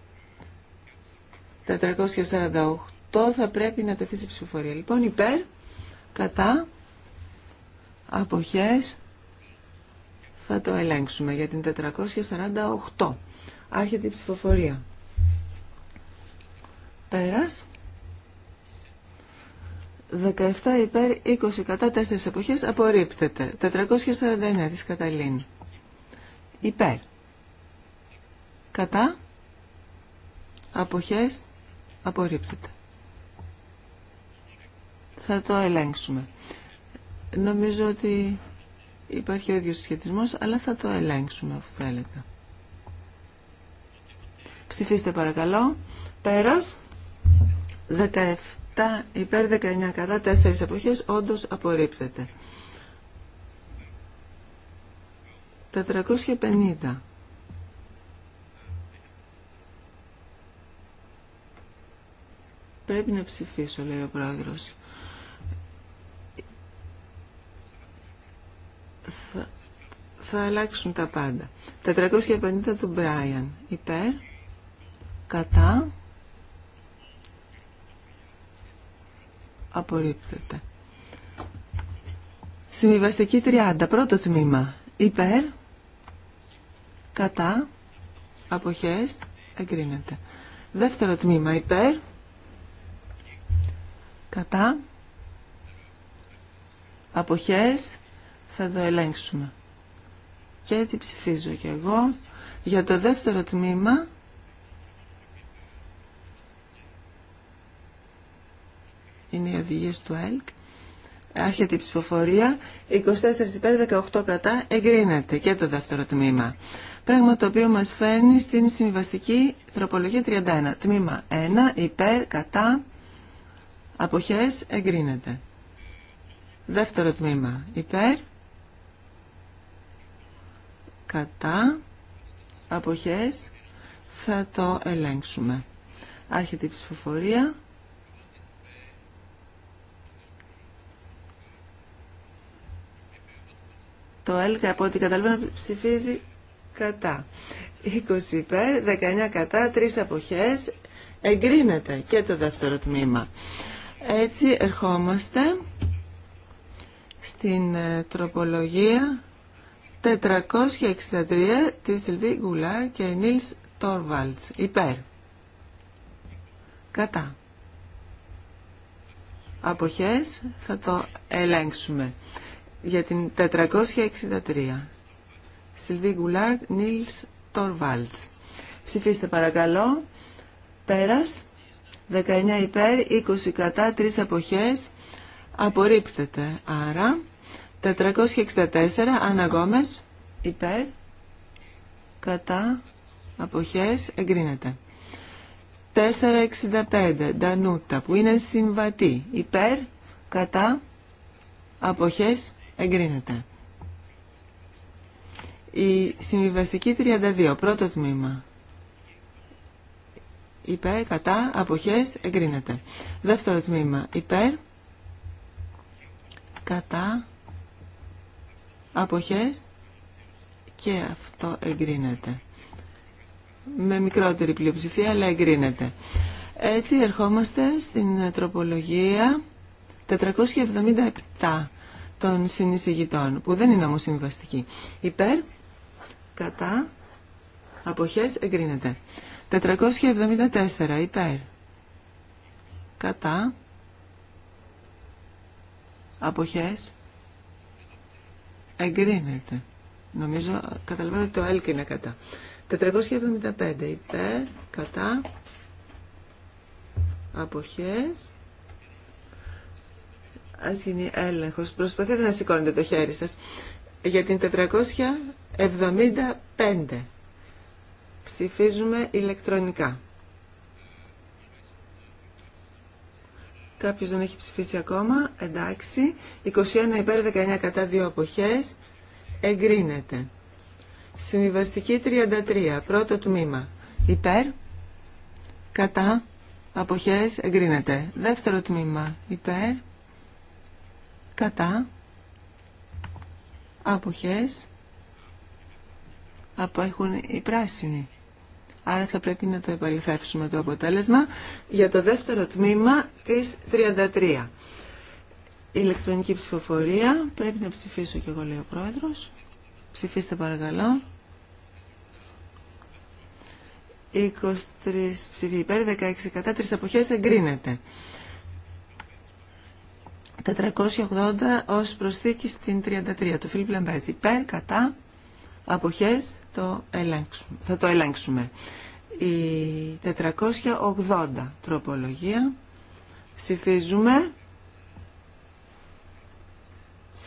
448 θα πρέπει να τεθεί σε ψηφοφορία. Λοιπόν, υπέρ κατά αποχές θα το ελέγξουμε για την 448 άρχεται η ψηφοφορία πέρας 17 υπέρ 20 κατά 4 εποχές απορρίπτεται 449 της Καταλήν υπέρ κατά αποχές απορρίπτεται θα το ελέγξουμε. Νομίζω ότι υπάρχει ο ίδιος σχετισμός, αλλά θα το ελέγξουμε αφού θέλετε. Ψηφίστε παρακαλώ. Πέρας. 17 υπέρ 19 κατά 4 εποχές όντως απορρίπτεται. 450. Πρέπει να ψηφίσω, λέει ο πρόεδρος. θα, αλλάξουν τα πάντα. 450 του Μπράιαν. Υπέρ. Κατά. Απορρίπτεται. Συμβιβαστική 30. Πρώτο τμήμα. Υπέρ. Κατά. Αποχές. Εγκρίνεται. Δεύτερο τμήμα. Υπέρ. Κατά. Αποχές θα το ελέγξουμε. Και έτσι ψηφίζω και εγώ. Για το δεύτερο τμήμα είναι οι οδηγίε του ΕΛΚ. Άρχεται η ψηφοφορία. 24 υπέρ 18 κατά εγκρίνεται και το δεύτερο τμήμα. Πράγμα το οποίο μας φέρνει στην συμβαστική τροπολογία 31. Τμήμα 1 υπέρ κατά αποχές εγκρίνεται. Δεύτερο τμήμα υπέρ κατά, αποχές, θα το ελέγξουμε. Άρχεται η ψηφοφορία. Το έλκα από ό,τι καταλαβαίνω ψηφίζει κατά. 20 υπέρ, 19 κατά, 3 αποχές, εγκρίνεται και το δεύτερο τμήμα. Έτσι ερχόμαστε στην ε, τροπολογία 463 της Σιλβί Γκουλάρ και Νίλς Τόρβαλτς. Υπέρ. Κατά. Αποχές θα το ελέγξουμε. Για την 463. Σιλβί Γκουλάρ, Νίλς Τόρβαλτς. Ψηφίστε παρακαλώ. Πέρας. 19 υπέρ, 20 κατά, 3 αποχές. Απορρίπτεται άρα. 464 αναγόμες υπέρ κατά αποχές εγκρίνεται 465 ντανούτα που είναι συμβατή υπέρ κατά αποχές εγκρίνεται η συμβιβαστική 32 πρώτο τμήμα υπέρ κατά αποχές εγκρίνεται δεύτερο τμήμα υπέρ κατά αποχές και αυτό εγκρίνεται. Με μικρότερη πλειοψηφία, αλλά εγκρίνεται. Έτσι ερχόμαστε στην τροπολογία 477 των συνεισηγητών, που δεν είναι όμως συμβαστική. Υπέρ, κατά, αποχές, εγκρίνεται. 474, υπέρ, κατά, αποχές, Εγκρίνεται. Νομίζω, καταλαβαίνω ότι το ΕΛΚ είναι κατά. 475 υπέρ, κατά, αποχές. Ας γίνει έλεγχος. Προσπαθείτε να σηκώνετε το χέρι σας. Για την 475 ψηφίζουμε ηλεκτρονικά. Κάποιο δεν έχει ψηφίσει ακόμα. Εντάξει. 21 υπέρ 19 κατά δύο αποχέ, Εγκρίνεται. Συμβιβαστική 33. Πρώτο τμήμα. Υπέρ. Κατά. αποχέ, Εγκρίνεται. Δεύτερο τμήμα. Υπέρ. Κατά. Αποχές. Από έχουν οι πράσινοι. Άρα θα πρέπει να το επαληθεύσουμε το αποτέλεσμα για το δεύτερο τμήμα της 33. Ηλεκτρονική ψηφοφορία. Πρέπει να ψηφίσω κι εγώ, λέει ο Πρόεδρος. Ψηφίστε παρακαλώ. 23 ψηφίοι υπέρ, 16 κατά, 3 αποχές εγκρίνεται. 480 ως προσθήκη στην 33 το Φίλιπ Λαμπέζ. Υπέρ, κατά, αποχές το ελέγξουμε. θα το ελέγξουμε. Η 480 τροπολογία ψηφίζουμε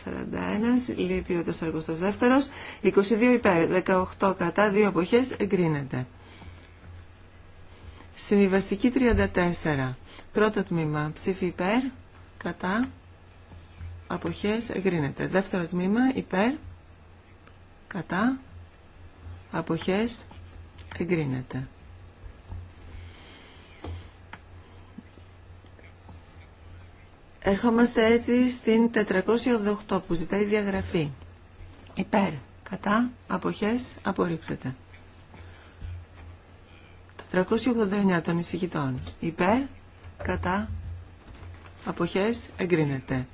41, λείπει ο 42 22 υπέρ, 18 κατά, 2 αποχές, εγκρίνεται. Συμβιβαστική 34. Πρώτο τμήμα, ψήφι υπέρ, κατά, αποχές, εγκρίνεται. Δεύτερο τμήμα, υπέρ, κατά αποχές εγκρίνεται. Έρχομαστε έτσι στην 488 που ζητάει διαγραφή. Υπέρ, κατά, αποχές, απορρίπτεται. 489 των εισηγητών. Υπέρ, κατά, αποχές, εγκρίνεται.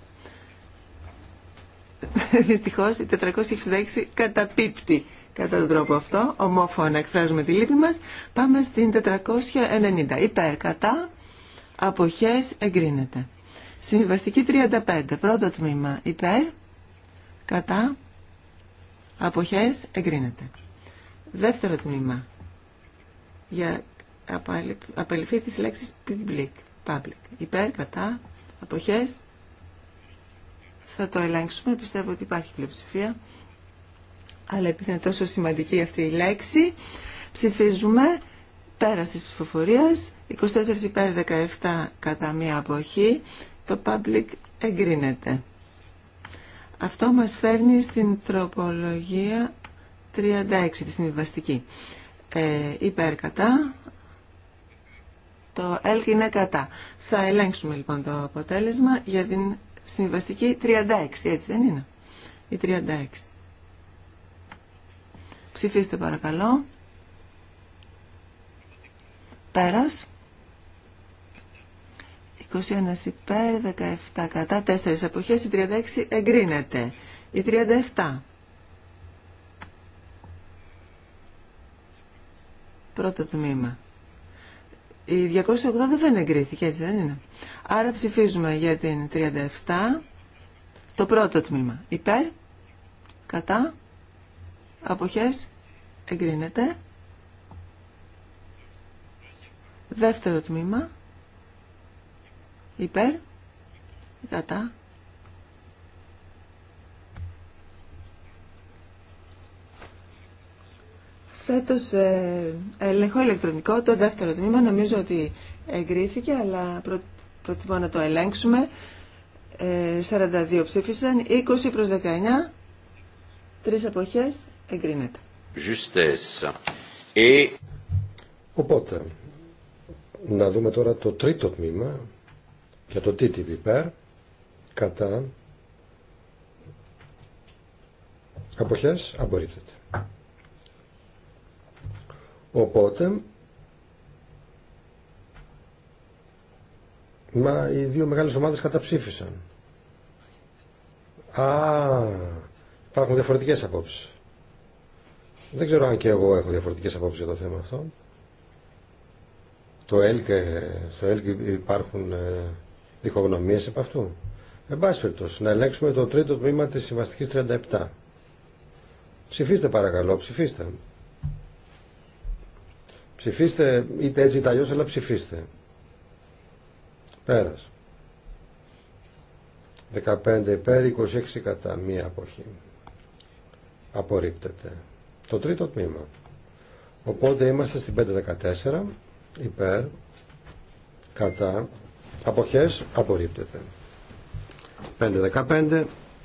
Δυστυχώ, η 466 καταπίπτει. Κατά τον τρόπο αυτό, ομόφωνα εκφράζουμε τη λύπη μας. Πάμε στην 490. Υπέρ, κατά, αποχές, εγκρίνεται. Συμβιβαστική 35. Πρώτο τμήμα. Υπέρ, κατά, αποχέ, εγκρίνεται. Δεύτερο τμήμα. Για απελυφή τη λέξη public. public. Υπέρ, κατά, αποχές, θα το ελέγξουμε, πιστεύω ότι υπάρχει πλειοψηφία. Αλλά επειδή είναι τόσο σημαντική αυτή η λέξη, ψηφίζουμε πέρα της ψηφοφορίας, 24 υπέρ 17 κατά μία αποχή, το public εγκρίνεται. Αυτό μας φέρνει στην τροπολογία 36, τη συμβιβαστική. Ε, υπέρ κατά, το ΕΛΚ είναι κατά. Θα ελέγξουμε λοιπόν το αποτέλεσμα για την Συμβαστική 36, έτσι δεν είναι. Η 36. Ψηφίστε παρακαλώ. Πέρας. 21 υπέρ, 17 κατά, 4 εποχές, η 36 εγκρίνεται. Η 37. Πρώτο τμήμα. Η 280 δεν εγκρίθηκε, έτσι δεν είναι. Άρα ψηφίζουμε για την 37, το πρώτο τμήμα. Υπέρ, κατά, αποχές, εγκρίνεται. Δεύτερο τμήμα, υπέρ, κατά, ε, έλεγχο ηλεκτρονικό, το δεύτερο τμήμα νομίζω ότι εγκρίθηκε, αλλά προτιμώ προτιμώ να το ελέγξουμε. 42 ε, ψήφισαν, 20 προς 19, τρεις αποχές, εγκρίνεται. Justesse. Et... Ε, Οπότε, να δούμε τώρα το τρίτο τμήμα για το TTIP υπέρ, κατά αποχές απορρίπτεται. Οπότε, μα οι δύο μεγάλες ομάδες καταψήφισαν. Α, υπάρχουν διαφορετικές απόψεις. Δεν ξέρω αν και εγώ έχω διαφορετικές απόψεις για το θέμα αυτό. Το ΕΛΚ, ε, στο ΕΛΚ υπάρχουν ε, διχογνωμίες επ' αυτού. Εν να ελέγξουμε το τρίτο τμήμα της συμβαστικής 37. Ψηφίστε παρακαλώ, ψηφίστε. Ψηφίστε είτε έτσι είτε αλλιώς, αλλά ψηφίστε. Πέρας. 15 υπέρ, 26 κατά μία αποχή. Απορρίπτεται. Το τρίτο τμήμα. Οπότε είμαστε στην 514 υπέρ, κατά, αποχές, απορρίπτεται. 515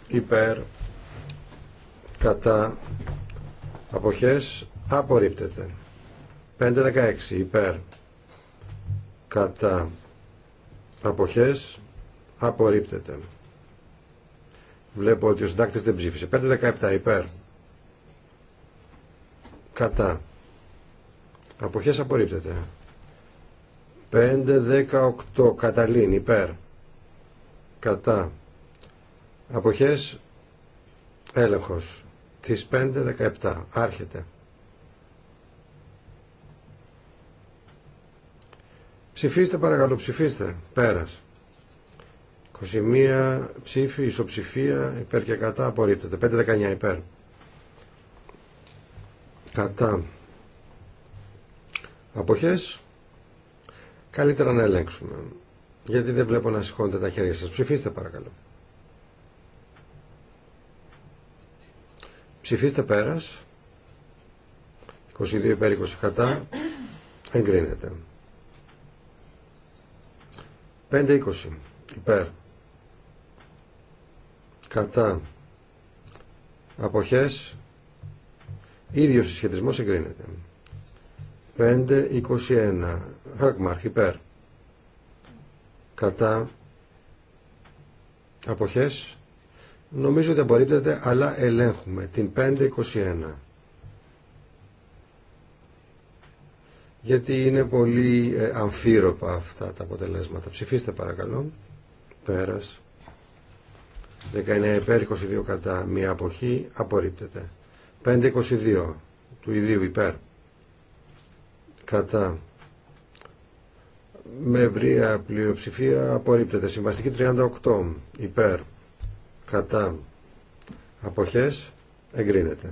υπέρ, κατά, αποχές, απορρίπτεται. 5.16 υπέρ κατά αποχές απορρίπτεται. Βλέπω ότι ο συντάκτης δεν ψήφισε. 5.17 υπέρ κατά αποχές απορρίπτεται. 5.18 καταλήν υπέρ κατά αποχές έλεγχος της 5.17 άρχεται. Ψηφίστε παρακαλώ, ψηφίστε. Πέρας. 21 ψήφι, ισοψηφία, υπέρ και κατά, απορρίπτεται. 5-19 υπέρ. Κατά. Αποχές. Καλύτερα να ελέγξουμε. Γιατί δεν βλέπω να σηκώνετε τα χέρια σας. Ψηφίστε παρακαλώ. Ψηφίστε πέρας. 22 υπέρ 20 κατά. Εγκρίνεται. 5.20 υπέρ κατά αποχές ίδιος συσχετισμός εγκρίνεται 5.21 Χακμαρχ υπέρ κατά αποχές νομίζω ότι απορρίπτεται αλλά ελέγχουμε την 5-21. γιατί είναι πολύ ε, αμφίροπα αυτά τα αποτελέσματα. Ψηφίστε παρακαλώ. Πέρας. 19 υπέρ, 22 κατά, μία αποχή, απορρίπτεται. 5-22 του ιδίου υπέρ. Κατά. Με ευρία πλειοψηφία απορρίπτεται. Συμβαστική 38 υπέρ. Κατά. Αποχές εγκρίνεται.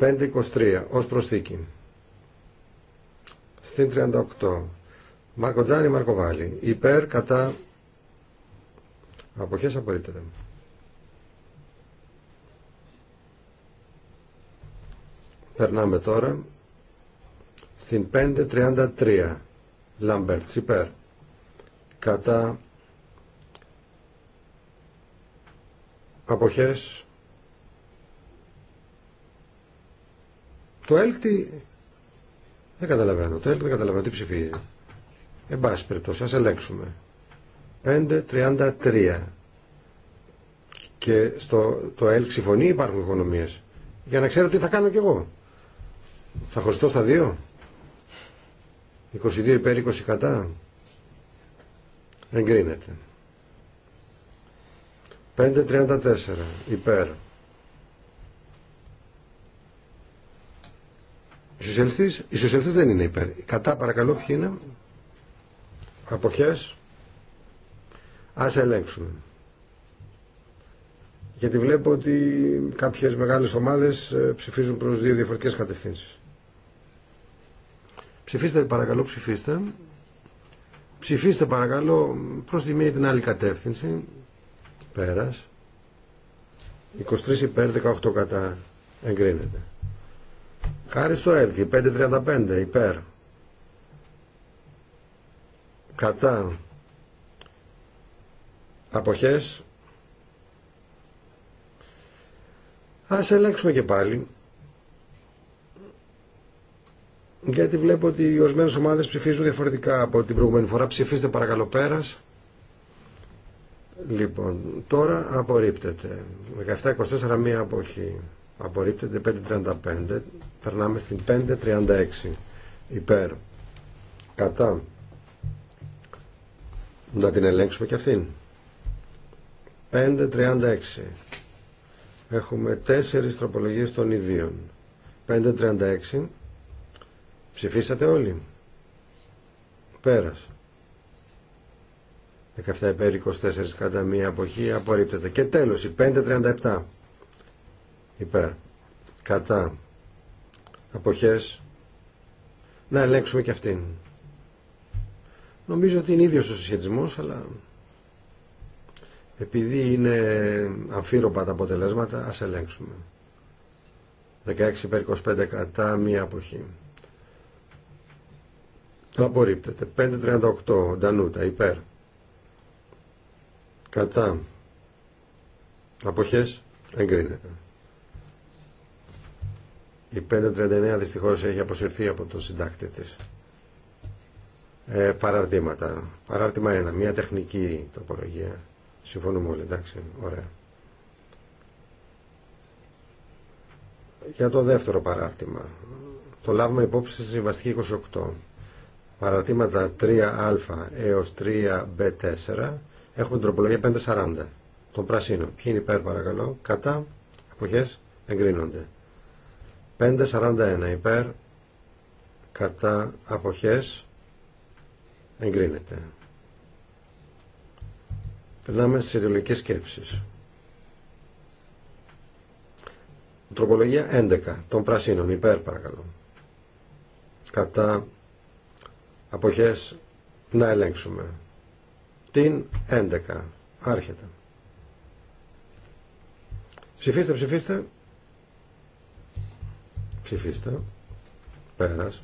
5-23 ως προσθήκη στην 38. Μαρκοτζάνη Μαρκοβάλι, Υπέρ κατά αποχές απορρίπτεται. Περνάμε τώρα στην 5.33. Λαμπέρτς υπέρ. Κατά αποχές. Το έλκτη δεν καταλαβαίνω. Το ΕΛΚ δεν καταλαβαίνω τι ψηφίζει. Εν πάση περιπτώσει, ας ελέγξουμε. 5.33. Και στο το ΕΛΚ συμφωνεί υπάρχουν οικονομίες. Για να ξέρω τι θα κάνω κι εγώ. Θα χωριστώ στα δύο. 22 υπέρ 20 κατά. Εγκρίνεται. 5.34 υπέρ. Οι σοσιαλιστές, οι δεν είναι υπέρ. Κατά παρακαλώ ποιοι είναι. Αποχές. Ας ελέγξουμε. Γιατί βλέπω ότι κάποιες μεγάλες ομάδες ε, ψηφίζουν προς δύο διαφορετικές κατευθύνσεις. Ψηφίστε παρακαλώ, ψηφίστε. Ψηφίστε παρακαλώ προς τη μία ή την άλλη κατεύθυνση. Πέρας. 23 υπέρ 18 κατά εγκρίνεται. Χάρη στο ΕΒΚΙ 535 υπέρ. Κατά. Αποχές. Ας ελέγξουμε και πάλι. Γιατί βλέπω ότι οι ορισμένε ομάδες ψηφίζουν διαφορετικά από την προηγούμενη φορά. Ψηφίστε πέρας. πέρα. Λοιπόν, τώρα απορρίπτεται. 17-24 μία αποχή απορρίπτεται 5.35 περνάμε στην 5.36 υπέρ κατά να την ελέγξουμε και αυτήν 5.36 έχουμε τέσσερις τροπολογίες των ιδίων 5.36 ψηφίσατε όλοι πέρας 17 υπέρ 24 κατά μία αποχή απορρίπτεται και τέλος η 5.37 υπέρ κατά αποχές να ελέγξουμε και αυτήν νομίζω ότι είναι ίδιος ο συσχετισμός αλλά επειδή είναι αμφίροπα τα αποτελέσματα ας ελέγξουμε 16 υπέρ 25 κατά μία αποχή απορρίπτεται 5.38 Ντανούτα υπέρ κατά αποχές εγκρίνεται η 539 δυστυχώς έχει αποσυρθεί από τον συντάκτη της. Ε, παραρτήματα. Παράρτημα 1. Μια τεχνική τροπολογία. Συμφωνούμε όλοι, εντάξει. Ωραία. Για το δεύτερο παράρτημα. Το λάβουμε υπόψη στη συμβαστική 28. Παραρτήματα 3α έως 3b4 έχουμε την τροπολογία 540 Το πρασίνο, Ποιοι είναι υπέρ παρακαλώ. Κατά. Αποχές εγκρίνονται. 541 υπέρ κατά αποχές εγκρίνεται. Περνάμε στις ιδεολογικές σκέψεις. Τροπολογία 11 των πρασίνων υπέρ παρακαλώ. Κατά αποχές να ελέγξουμε. Την 11 άρχεται. Ψηφίστε, ψηφίστε. Ψηφίστε. Πέρας.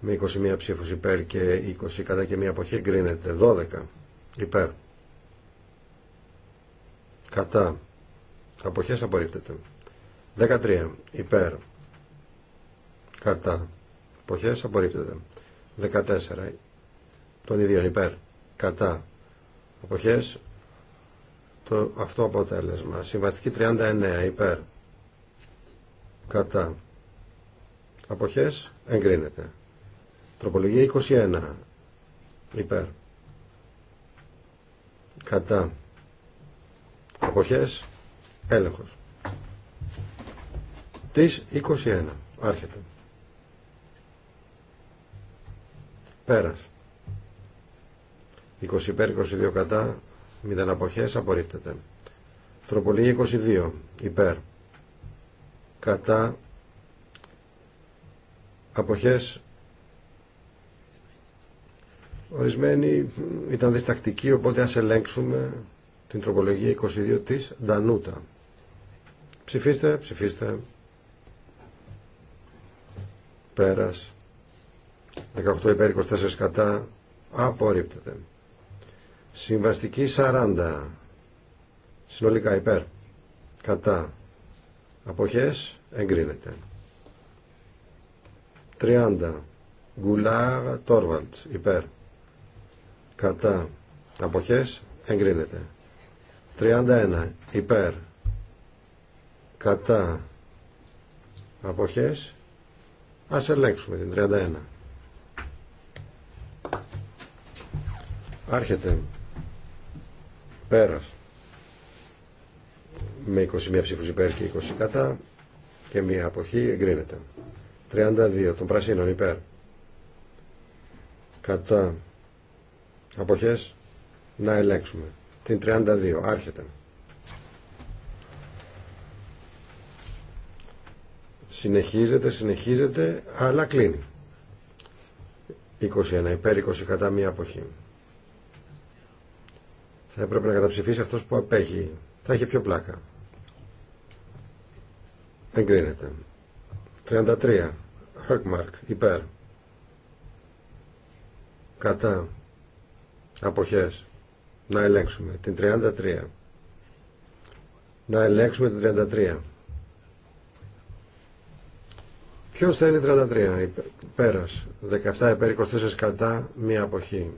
Με 21 ψήφους υπέρ και 20 κατά και μία αποχή εγκρίνεται. 12 υπέρ. Κατά. Αποχές απορρίπτεται. 13 υπέρ. Κατά. Αποχές απορρίπτεται. 14 των ιδίων υπέρ. Κατά. Αποχές το, αυτό αποτέλεσμα. Συμβαστική 39 υπέρ. Κατά. Αποχές εγκρίνεται. Τροπολογία 21 υπέρ. Κατά. Αποχές έλεγχος. Της 21. Άρχεται. Πέρας. 20 υπέρ, 22 κατά, μηδεν αποχές απορρίπτεται. Τροπολογία 22 υπέρ κατά αποχές ορισμένοι ήταν διστακτικοί οπότε ας ελέγξουμε την τροπολογία 22 της Ντανούτα. Ψηφίστε, ψηφίστε. Πέρας. 18 υπέρ 24 κατά απορρίπτεται. Συμβαστική 40. Συνολικά υπέρ. Κατά. Αποχές εγκρίνεται. 30. Γκουλάρ Τόρβαλτ υπέρ. Κατά. Αποχές εγκρίνεται. 31. Υπέρ. Κατά. Αποχές. Ας ελέγξουμε την 31. Άρχεται πέρα Με 21 ψήφους υπέρ και 20 κατά και μία αποχή εγκρίνεται. 32 των πρασίνων υπέρ. Κατά αποχές να ελέγξουμε. Την 32 άρχεται. Συνεχίζεται, συνεχίζεται, αλλά κλείνει. 21 υπέρ, 20 κατά μία αποχή θα έπρεπε να καταψηφίσει αυτός που απέχει. Θα είχε πιο πλάκα. Εγκρίνεται. 33. Χοκμαρκ. Υπέρ. Κατά. Αποχές. Να ελέγξουμε. Την 33. Να ελέγξουμε την 33. Ποιος θέλει 33. Υπέρας. 17 υπέρ 24 κατά. Μία αποχή.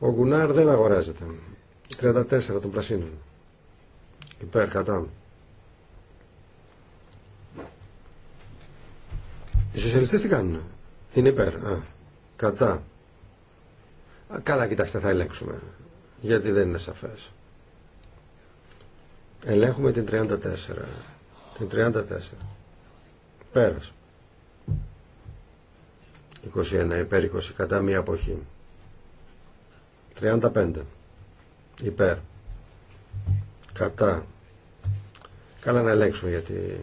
Ο Γκουνάρ δεν αγοράζεται. 34 των πρασίνων. Υπέρ κατά. Οι σοσιαλιστές τι κάνουν. Είναι υπέρ. Α, κατά. Καλά κοιτάξτε θα ελέγξουμε. Γιατί δεν είναι σαφές. Ελέγχουμε την 34. Την 34. Πέρασε. 21 υπέρ 20 κατά μία αποχή. 35 υπέρ κατά καλά να ελέγξουμε γιατί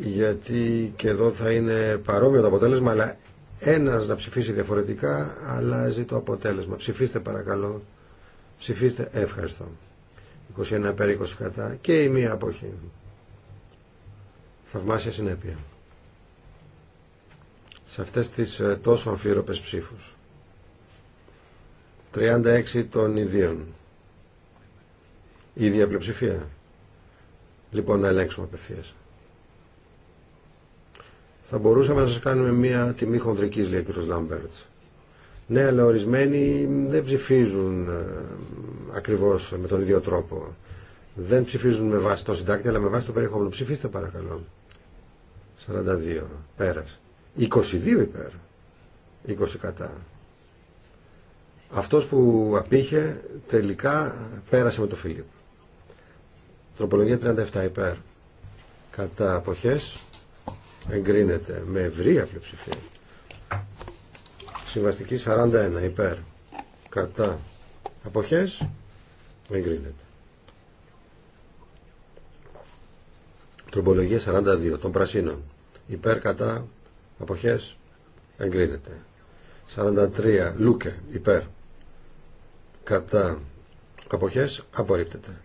γιατί και εδώ θα είναι παρόμοιο το αποτέλεσμα αλλά ένας να ψηφίσει διαφορετικά αλλάζει το αποτέλεσμα ψηφίστε παρακαλώ ψηφίστε ε, ευχαριστώ 21 πέρα 20 κατά και η μία αποχή θαυμάσια συνέπεια σε αυτές τις ε, τόσο αμφίρωπες ψήφους 36 των ιδίων. Η ίδια πλειοψηφία. Λοιπόν, να ελέγξουμε απευθεία. Θα μπορούσαμε να σας κάνουμε μία τιμή χονδρικής, λέει ο κ. Λάμπερτ. Ναι, αλλά ορισμένοι δεν ψηφίζουν ε, ακριβώς με τον ίδιο τρόπο. Δεν ψηφίζουν με βάση το συντάκτη, αλλά με βάση το περιεχόμενο. Ψηφίστε παρακαλώ. 42. πέρα. 22 υπέρ. 20 κατά. Αυτός που απήχε τελικά πέρασε με το Φιλίπ. Τροπολογία 37 υπέρ. Κατά αποχές εγκρίνεται με ευρία πλειοψηφία. Συμβαστική 41 υπέρ. Κατά αποχές εγκρίνεται. Τροπολογία 42 των πρασίνων. Υπέρ κατά αποχές εγκρίνεται. 43 Λούκε υπέρ κατά αποχές απορρίπτεται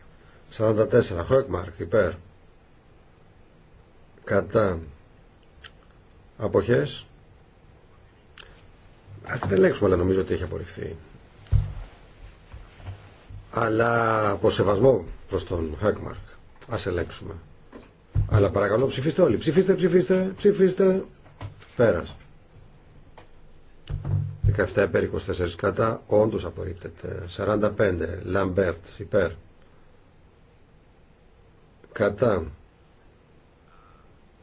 44 Χόκμαρκ υπέρ κατά αποχές ας την ελέγξουμε αλλά νομίζω ότι έχει απορριφθεί αλλά από σεβασμό προς τον Χόκμαρκ ας ελέγξουμε αλλά παρακαλώ ψηφίστε όλοι ψηφίστε ψηφίστε ψηφίστε Πέρασε. 17 περί 24 κατά, όντως απορρίπτεται. 45, Λαμπέρτ, υπέρ. Κατά.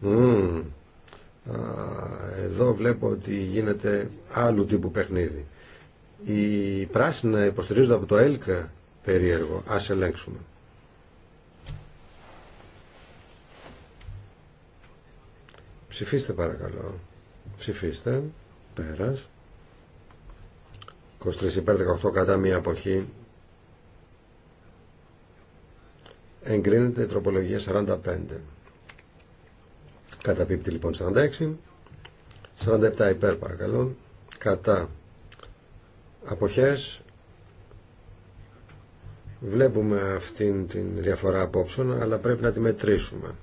Mm. Εδώ βλέπω ότι γίνεται άλλου τύπου παιχνίδι. Οι πράσινα υποστηρίζονται από το ΕΛΚΑ περίεργο. Ας ελέγξουμε. Ψηφίστε παρακαλώ. Ψηφίστε. Πέρας. 23 υπέρ 18 κατά μία αποχή εγκρίνεται η τροπολογία 45 καταπίπτει λοιπόν 46 47 υπέρ παρακαλώ κατά αποχές βλέπουμε αυτήν την διαφορά απόψεων αλλά πρέπει να τη μετρήσουμε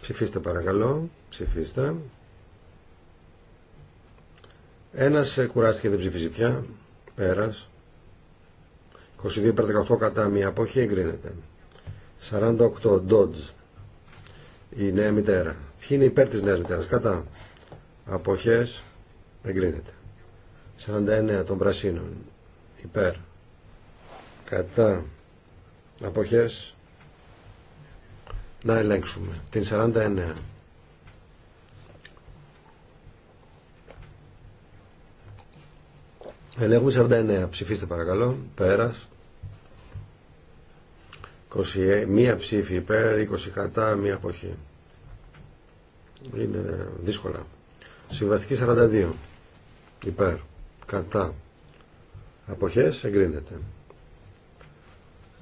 ψηφίστε παρακαλώ ψηφίστε ένας ε, κουράστηκε δεν ψηφίζει πια. Πέρας. 22 υπέρ 18 κατά μία απόχη εγκρίνεται. 48 Dodge. Η νέα μητέρα. Ποιοι είναι υπέρ της νέας μητέρας. Κατά. Αποχές εγκρίνεται. 49 των πρασίνων. Υπέρ. Κατά. Αποχές. Να ελέγξουμε. Την 49. Ελέγχουμε ναι, 49. Ψηφίστε παρακαλώ. Πέρας. 21 μία ψήφι υπέρ, 20 κατά, μία αποχή. Είναι δύσκολα. Συμβαστική 42. Υπέρ. Κατά. Αποχές εγκρίνεται.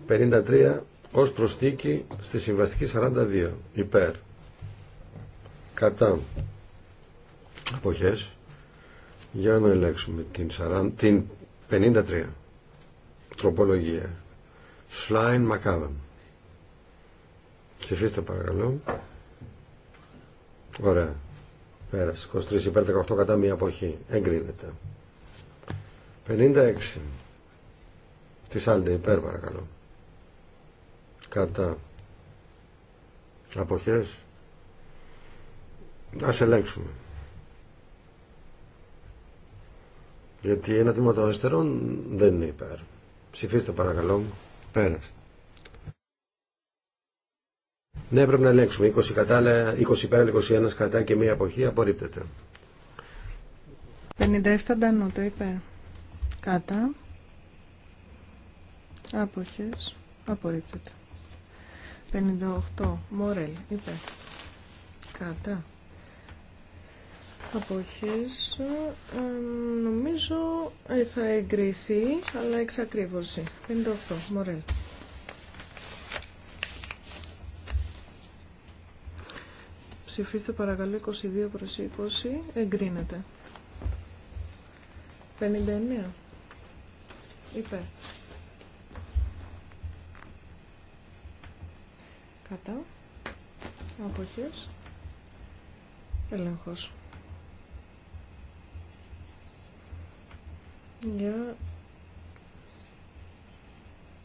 53 ως προστίκη στη συμβαστική 42. Υπέρ. Κατά. Αποχές για να ελέγξουμε την, 40, την 53 τροπολογία. Σλάιν Μακάβαν. Ψηφίστε παρακαλώ. Ωραία. Πέρασε. 23 υπέρ 18 κατά μία αποχή. Εγκρίνεται. 56. Τη Σάλντε υπέρ παρακαλώ. Κατά. Αποχές. Ας ελέγξουμε. Γιατί ένα τμήμα των αριστερών δεν είναι υπέρ. Ψηφίστε παρακαλώ. Πέρασε. Ναι, πρέπει να ελέγξουμε. 20, κατά, 20 πέρα, 21 κατά και μία αποχή απορρίπτεται. 57 το υπέρ. Κατά. Αποχές. Απορρίπτεται. 58 μορέλ υπέρ. Κατά. Αποχές ε, νομίζω ε, θα εγκριθεί αλλά εξακρίβωση. 58. Μορέλ. Ψηφίστε παρακαλώ 22 προς 20. Εγκρίνεται. 59. Υπέρ. Κατά. Αποχές. Έλεγχος. Για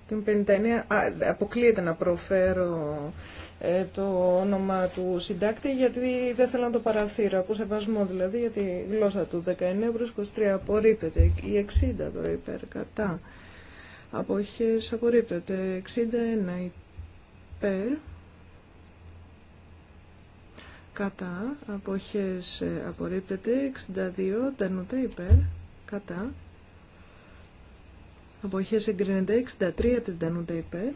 την 59 α, αποκλείεται να προφέρω ε, το όνομα του συντάκτη γιατί δεν θέλω να το παραθύρω. Από σεβασμό δηλαδή για τη γλώσσα του 19 προς 23 απορρίπτεται. Η 60 το υπέρ κατά. Αποχές απορρίπτεται. 61 υπέρ. Κατά. Αποχές ε, απορρίπτεται. 62 τανούτα υπέρ. Κατά. Αποχές εγκρίνεται 63 της Ντανούτα υπέρ.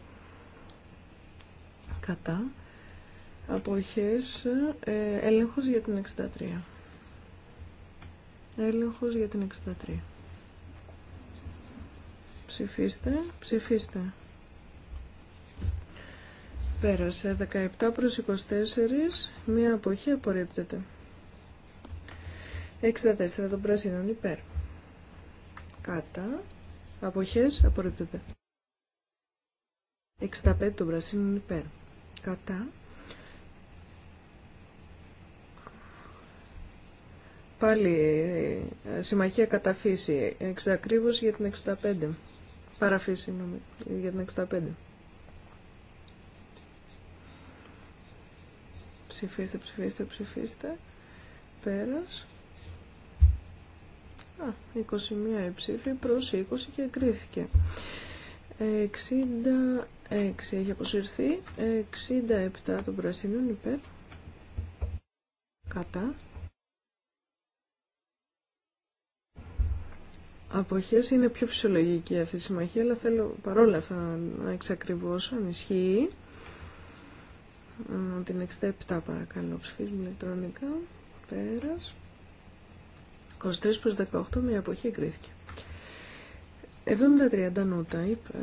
Κατά. Αποχές ε, έλεγχος για την 63. Έλεγχος για την 63. Ψηφίστε, ψηφίστε. Πέρασε 17 προς 24, μία αποχή απορρίπτεται. 64 των πράσινων υπέρ. Κατά Αποχές απορρίπτεται. 65 το των είναι υπέρ. Κατά. Πάλι ε, συμμαχία κατά φύση. Εξακρίβως για την 65. Παραφύση, συγγνώμη, για την 65. Ψηφίστε, ψηφίστε, ψηφίστε. Πέρας. 21 ψήφοι προς 20 και εγκρίθηκε. 66 έχει αποσυρθεί. 67 των πρασινών υπέρ. Κατά. Αποχές είναι πιο φυσιολογική αυτή η συμμαχία, αλλά θέλω παρόλα αυτά να εξακριβώσω αν ισχύει. Την 67 παρακαλώ ψηφίζουμε ηλεκτρονικά. Πέρας. 23 προς 18 μια εποχή 73 70-30 νότα υπέρ...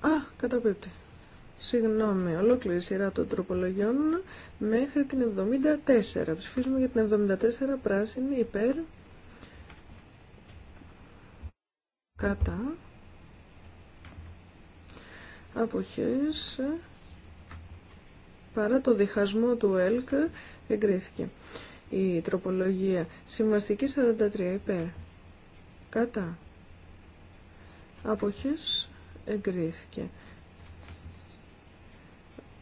Α, καταπίπτει. Συγγνώμη, ολόκληρη σειρά των τροπολογιών μέχρι την 74. Ψηφίζουμε για την 74 πράσινη υπέρ... Κατά... Αποχές... Παρά το διχασμό του ΕΛΚ εγκρίθηκε η τροπολογία. Συμβαστική 43 υπέρ. Κατά. Αποχές εγκρίθηκε.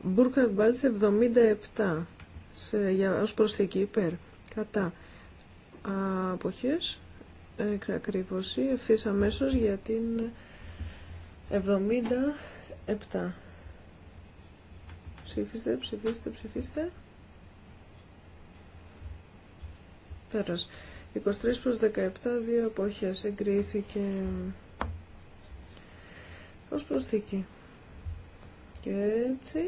Μπούρκαρτ Μπάλτς 77 σε, για, ως προσθήκη υπέρ. Κατά. Αποχές εξακρίβωση ευθύ αμέσω για την 77. Ψήφιστε, ψηφίστε, ψηφίστε. 23 προς 17, δύο εποχές. Εγκρίθηκε ως προσθήκη. Και έτσι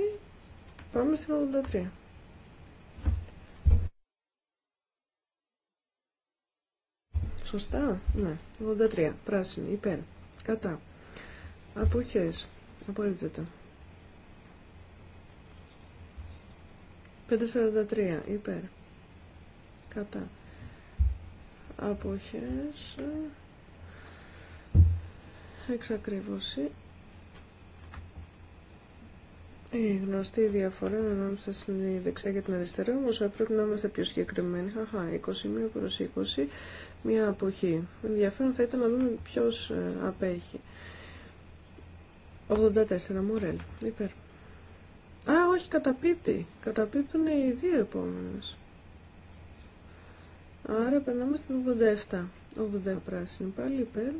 πάμε στην 83. Σωστά, ναι, 83, πράσινη, υπέρ, κατά, αποχές, απορρίπτεται. 543, υπέρ, κατά, αποχές εξακρίβωση η γνωστή διαφορά ανάμεσα στην δεξιά και την αριστερά όμως πρέπει να είμαστε πιο συγκεκριμένοι Αχα, 21 προς 20 μια αποχή ενδιαφέρον θα ήταν να δούμε ποιος ε, απέχει 84 Μορέλ υπέρ Α, όχι, καταπίπτει. Καταπίπτουν οι δύο επόμενες. Άρα περνάμε στην 87. 87 πράσινη πάλι υπέρ.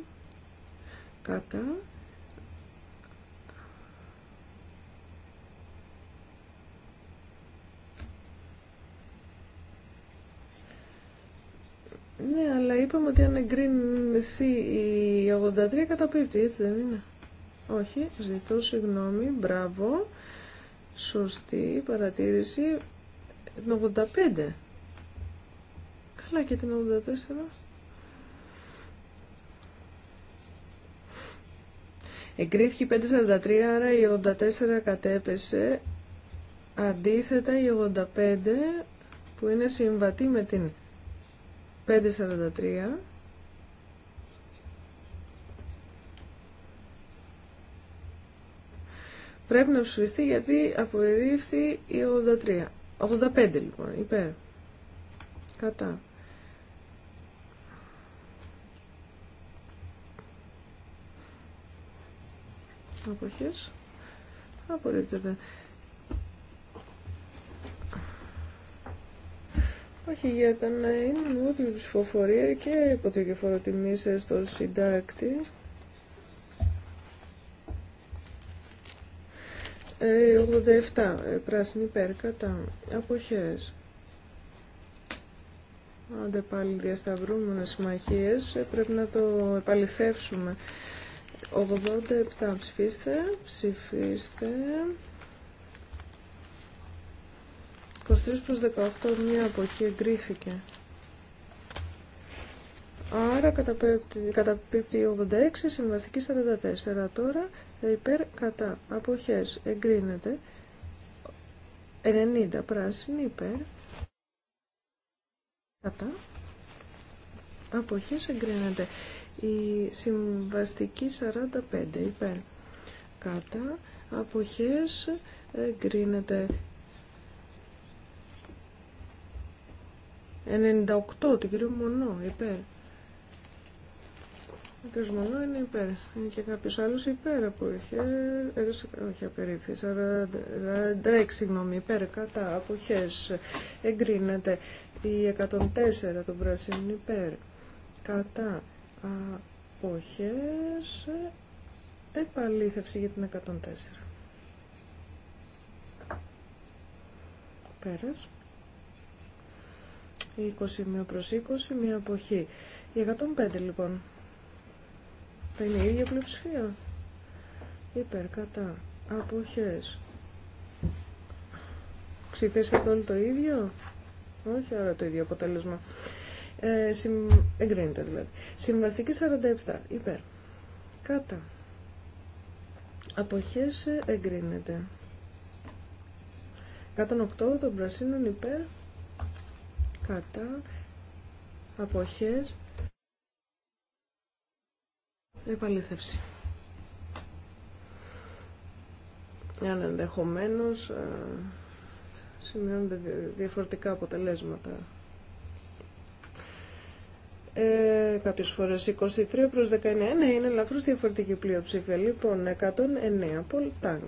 Κατά. Ναι, αλλά είπαμε ότι αν εγκρίνει η 83 καταπίπτει, έτσι δεν είναι. Όχι, ζητώ συγγνώμη, μπράβο. Σωστή παρατήρηση. Την 85 αλλά και την 84 Εγκρίθηκε η 543, άρα η 84 κατέπεσε. Αντίθετα η 85 που είναι συμβατή με την 543. Πρέπει να ψηφιστεί γιατί απορρίφθη η 83. 85 λοιπόν, υπέρ. Κατά. αποχές απορρίπτεται όχι τα να είναι μού την ψηφοφορία και υπό το φοροτιμής στο συντάκτη ε, 87 ε, πράσινη υπέρ κατά αποχές Άντε πάλι διασταυρούμενες συμμαχίες, ε, πρέπει να το επαληθεύσουμε. 87 ψηφίστε, ψηφίστε. 23 προς 18, μία αποχή εγκρίθηκε. Άρα κατά καταπίπτει 86, συμβαστική 44. Τώρα υπέρ κατά αποχές εγκρίνεται 90 πράσινη υπέρ κατά αποχές εγκρίνεται η συμβαστική 45 υπέρ. Κατά αποχές εγκρίνεται 98 του κυρίου Μονό υπέρ. Ο κ. Μονό είναι υπέρ. Είναι και κάποιο άλλο υπέρ από Έδωσε, όχι απερίφθη. 46, συγγνώμη, υπέρ κατά αποχέ. Εγκρίνεται η 104 των πράσινων υπέρ. Κατά αποχές επαλήθευση για την 104 πέρας 20 μία προς 20 μία αποχή η 105 λοιπόν θα είναι η ίδια πλειοψηφία υπέρ κατά αποχές ψηφίσατε όλοι το ίδιο όχι άρα το ίδιο αποτέλεσμα ε, συμ... Εγκρίνεται δηλαδή. Συμβαστική 47. Υπέρ. Κάτα. Αποχές ε, εγκρίνεται. 8 των πρασίνων υπέρ. Κατά. Αποχές. Επαλήθευση. Αν ενδεχομένω ε, σημειώνονται διαφορετικά αποτελέσματα ε, κάποιες φορές 23 προς 19, ε, ναι, είναι ελαφρώς διαφορετική πλειοψήφια. Λοιπόν, 109, Πολτάν.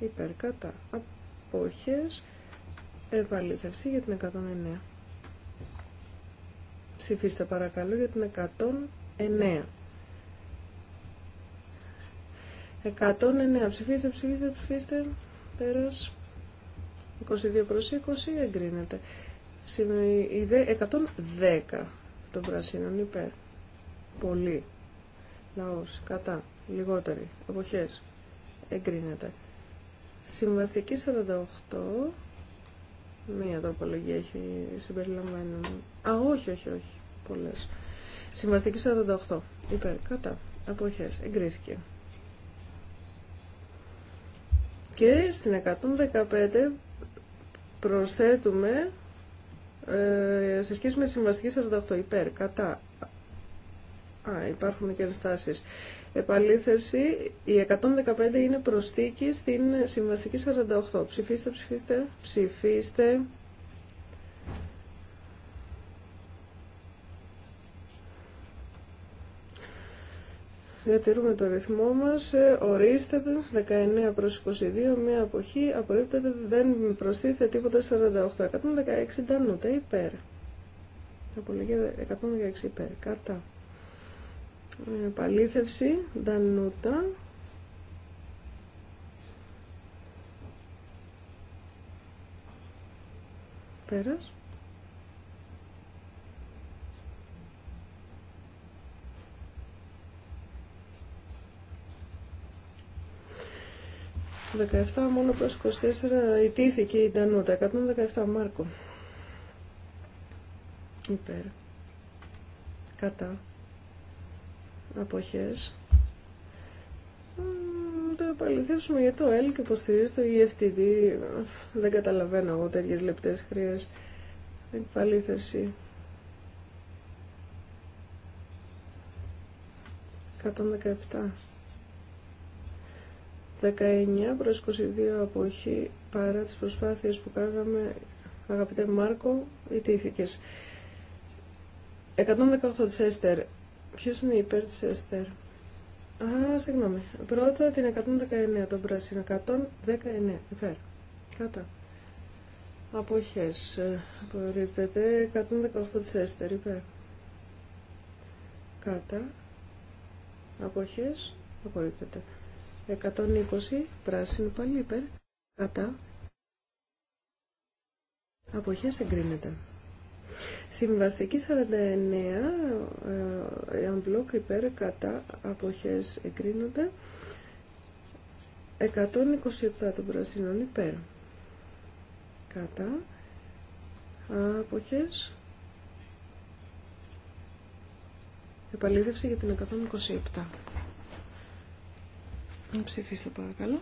υπερκάτα απόχες, επαλήθευση για την 109. Ψηφίστε παρακαλώ για την 109. 109. Ψηφίστε, ψηφίστε, ψηφίστε. Πέρας. 22 προς 20 εγκρίνεται. Συμβαίνει 110 των πρασίνων υπέρ. Πολύ. Λαός. Κατά. Λιγότεροι. Εποχές. Εγκρίνεται. Συμβαστική 48. Μία τροπολογία έχει συμπεριλαμβάνει. Α, όχι, όχι, όχι. Πολλές. Συμβαστική 48. Υπέρ. Κατά. Αποχές. Εγκρίθηκε. Και στην 115 προσθέτουμε ε, σε σχέση με τη συμβαστική 48 υπέρ, κατά. υπάρχουν και ενστάσεις. Επαλήθευση, η 115 είναι προσθήκη στην συμβαστική 48. Ψηφίστε, ψηφίστε, ψηφίστε. Διατηρούμε το ρυθμό μας, ε, ορίστε 19 προς 22, μία αποχή, απορρίπτεται, δεν προστίθεται τίποτα 48, 116 νούτα, υπέρ. Απολογία 116 υπέρ, κατά. Επαλήθευση, νούτα. Πέρας. 17 μόνο προς 24 ιτήθηκε η Ντανούτα. 117 Μάρκο. Υπέρ. Κατά. Αποχές. Μ, το επαληθεύσουμε για το L και υποστηρίζει το EFTD. Δεν καταλαβαίνω εγώ τέτοιες λεπτές χρειές. Επαλήθευση. 117. 19 προς 22 αποχή παρά τις προσπάθειες που κάναμε αγαπητέ Μάρκο ιτήθηκες 118 της Έστερ ποιος είναι υπέρ της Έστερ α συγγνώμη πρώτα την 119 των πράσινων 119 υπέρ κατά αποχές ε, απορρίπτεται 118 της Έστερ υπέρ κατά αποχές απορρίπτεται 120 πράσινο πάλι υπέρ κατά αποχές εγκρίνεται συμβαστική 49 ε, υπέρ κατά αποχές εγκρίνεται 127 των πρασινών υπέρ κατά αποχές επαλήθευση για την 127 Ψηφίστε παρακαλώ.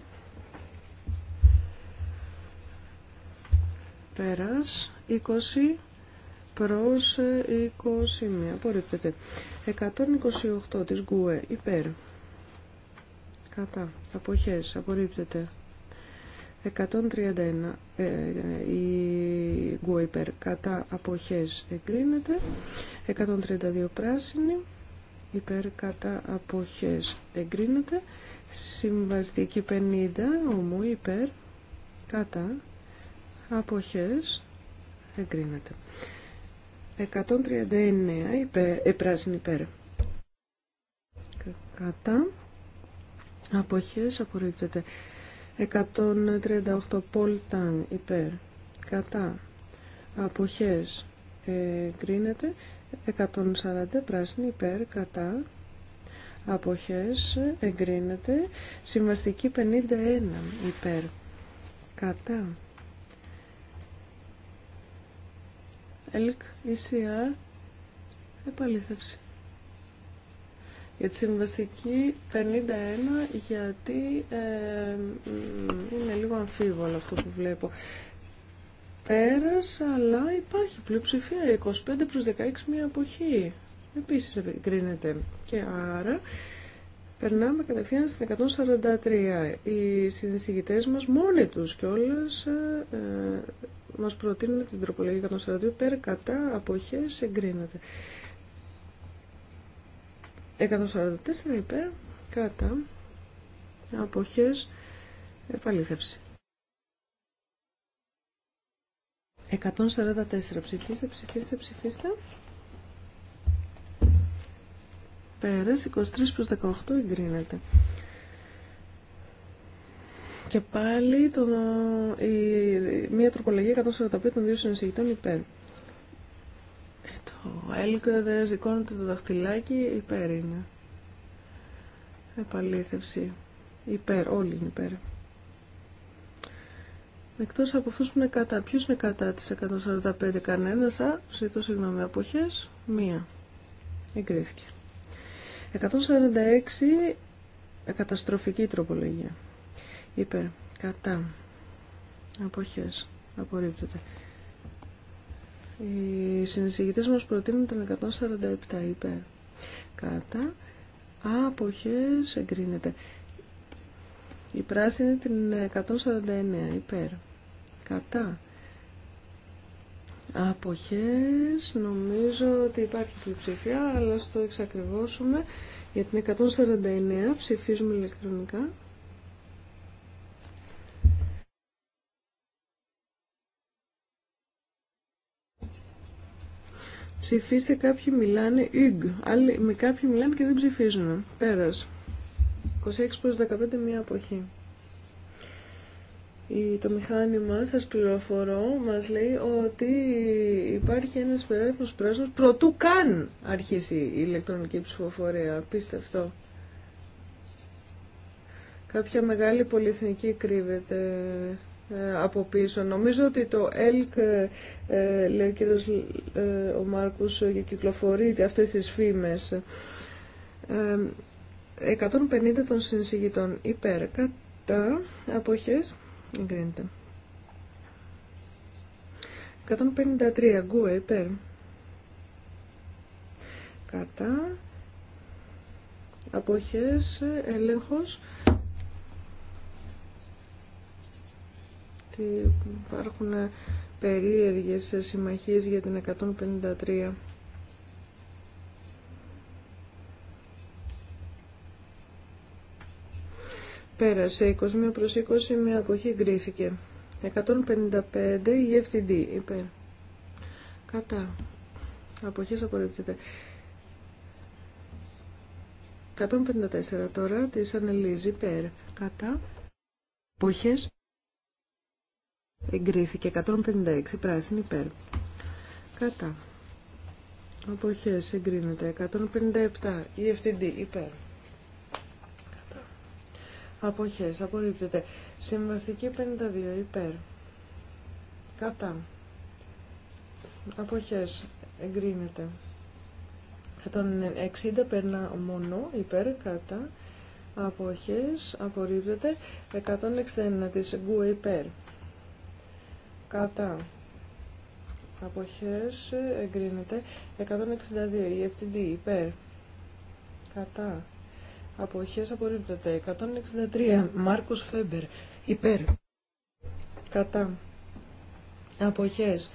Πέρας 20 προς 21. Ε, Απορρίπτεται. 128 της ΓΚΟΕ Υπέρ. Κατά. Αποχές. Απορρίπτεται. 131 ε, ε, η ΓΚΟΕ υπέρ. Κατά. Αποχές. Εγκρίνεται. 132 πράσινη υπέρ κατά αποχές εγκρίνεται συμβαστική 50 ομού υπέρ κατά αποχές εγκρίνεται 139 υπέ, επράσινη υπέρ κατά αποχές απορρίπτεται 138 πολτάν υπέρ κατά αποχές εγκρίνεται 140 πράσινη υπέρ κατά αποχές εγκρίνεται συμβαστική 51 υπέρ κατά ΕΛΚ, επαλήθευση. Για τη συμβαστική 51 γιατί ε, είναι λίγο αμφίβολο αυτό που βλέπω πέρας, αλλά υπάρχει πλειοψηφία, 25 προς 16 μια αποχή. Επίσης εγκρίνεται. Και άρα περνάμε κατευθείαν στην 143. Οι συνεισηγητές μας μόνοι τους κιόλας ε, ε μας προτείνουν την τροπολογία 142 πέρα κατά αποχές εγκρίνεται. 144 υπέρ κατά αποχές επαλήθευση. 144 ψηφίστε, ψηφίστε, ψηφίστε. Πέρας, 23 προς 18 εγκρίνεται. Και πάλι το, η, μια τροπολογία 145 των δύο συνεισηγητών υπέρ. Ε, το έλκο δεν το δαχτυλάκι, υπέρ είναι. Επαλήθευση. Υπέρ, όλοι είναι υπέρ. Εκτός από αυτούς που είναι κατά. Ποιος είναι κατά τις 145 κανένας. Α, ζητώ συγγνώμη. Αποχές. Μία. Εγκρίθηκε. 146 καταστροφική τροπολογία. Υπέρ. Κατά. Αποχές. Απορρίπτεται. Οι συνεισηγητές μας προτείνουν την 147 υπέρ. Κατά. Αποχές εγκρίνεται. Η πράσινη την 149 υπέρ κατά αποχές νομίζω ότι υπάρχει ψηφία αλλά στο εξακριβώσουμε για την 149 ψηφίζουμε ηλεκτρονικά ψηφίστε κάποιοι μιλάνε υγ, άλλοι με κάποιοι μιλάνε και δεν ψηφίζουν πέρας 26 προς 15 μία αποχή το μηχάνημα, σας πληροφορώ, μας λέει ότι υπάρχει ένας περίφημος πράσινος προτού καν αρχίσει η ηλεκτρονική ψηφοφορία. Απίστευτο. Κάποια μεγάλη πολυεθνική κρύβεται ε, από πίσω. Νομίζω ότι το ΕΛΚ, ε, λέει ο κύριος ε, ο Μάρκους, κυκλοφορείται αυτές τις φήμες. 150 των συνσηγητών υπέρ κατά αποχές Εγκρίνεται. 153. Γκουε υπέρ. Κατά. Αποχές. Έλεγχος. Υπάρχουν ε, περίεργες ε, συμμαχίες για την 153. Πέρασε 21 προς 20 με αποχή εγκρίθηκε. 155 η FTD υπέρ. Κατά. Αποχές απορρίπτεται. 154 τώρα τη ανελίζει υπέρ. Κατά. Αποχές εγκρίθηκε. 156 πράσινη υπέρ. Κατά. Αποχές εγκρίνεται. 157 η FTD υπέρ. Αποχές. Απορρίπτεται. Συμβαστική 52. Υπέρ. Κατά. Αποχές. Εγκρίνεται. 160 περνά μόνο. Υπέρ. Κατά. Αποχές. Απορρίπτεται. 161 της γκου υπέρ. Κατά. Αποχές. Εγκρίνεται. 162. Η FTD. Υπέρ. Κατά αποχές απορρίπτεται. 163 Μάρκους Φέμπερ υπέρ κατά αποχές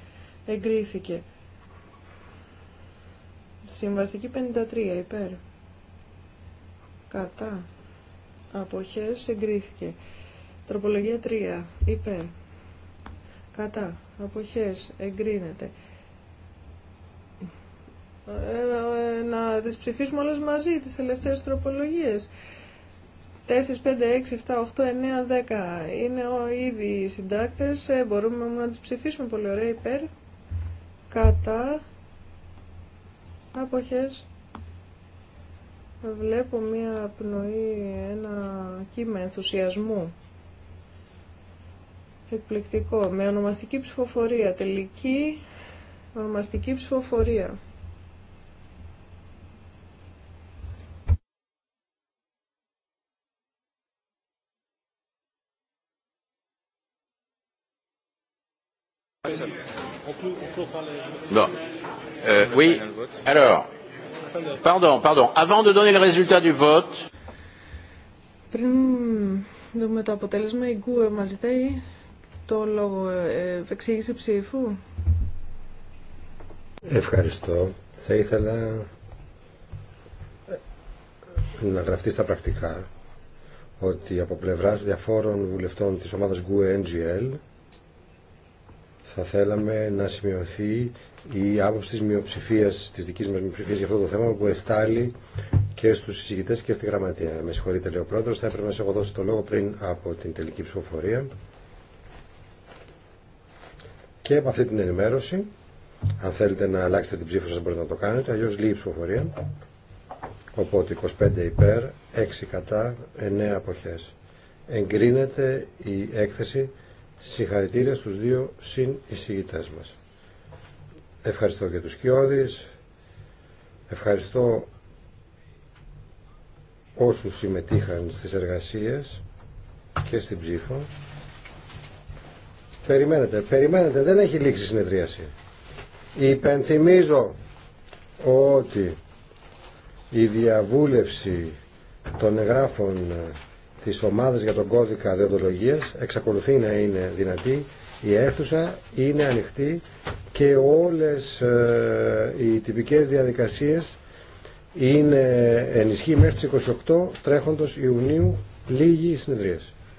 εγκρίθηκε. Συμβαστική 53 υπέρ κατά αποχές εγκρίθηκε. Τροπολογία 3 υπέρ κατά αποχές εγκρίνεται. Ε, ε, να τις ψηφίσουμε όλες μαζί, τις τελευταίες τροπολογίες. 4, 5, 6, 7, 8, 9, 10 είναι ήδη οι συντάκτες. Ε, μπορούμε να τις ψηφίσουμε πολύ ωραία υπέρ. Κατά. Αποχές. Βλέπω μία πνοή, ένα κύμα ενθουσιασμού. Εκπληκτικό. Με ονομαστική ψηφοφορία. Τελική ονομαστική ψηφοφορία. Bon. Euh, oui. Alors, pardon, pardon. Avant de donner le résultat du vote. Πριν δούμε το αποτέλεσμα, η Γκουε μας ζητάει το λόγο ε, εξήγηση ψήφου. Ευχαριστώ. Θα ήθελα ε, να γραφτεί στα πρακτικά ότι από πλευράς διαφόρων βουλευτών της ομάδας GUE NGL θα θέλαμε να σημειωθεί η άποψη της μειοψηφίας, της δικής μας μειοψηφίας για αυτό το θέμα που εστάλει και στους συζητητές και στη γραμματεία. Με συγχωρείτε λέει ο πρόεδρος, θα έπρεπε να σας έχω δώσει το λόγο πριν από την τελική ψηφοφορία. Και από αυτή την ενημέρωση, αν θέλετε να αλλάξετε την ψήφο σας μπορείτε να το κάνετε, αλλιώς η ψηφοφορία. Οπότε 25 υπέρ, 6 κατά, 9 αποχές. Εγκρίνεται η έκθεση Συγχαρητήρια στους δύο συνεισηγητές μας. Ευχαριστώ και τους Κιώδης. Ευχαριστώ όσους συμμετείχαν στις εργασίες και στην ψήφο. Περιμένετε, περιμένετε, δεν έχει λήξει η συνεδρίαση. Υπενθυμίζω ότι η διαβούλευση των εγγράφων τις ομάδες για τον κώδικα διοντολογίας εξακολουθεί να είναι δυνατή η αίθουσα είναι ανοιχτή και όλες ε, οι τυπικές διαδικασίες είναι ενισχύ μέχρι τις 28 τρέχοντος Ιουνίου λίγη συνεδρίαση.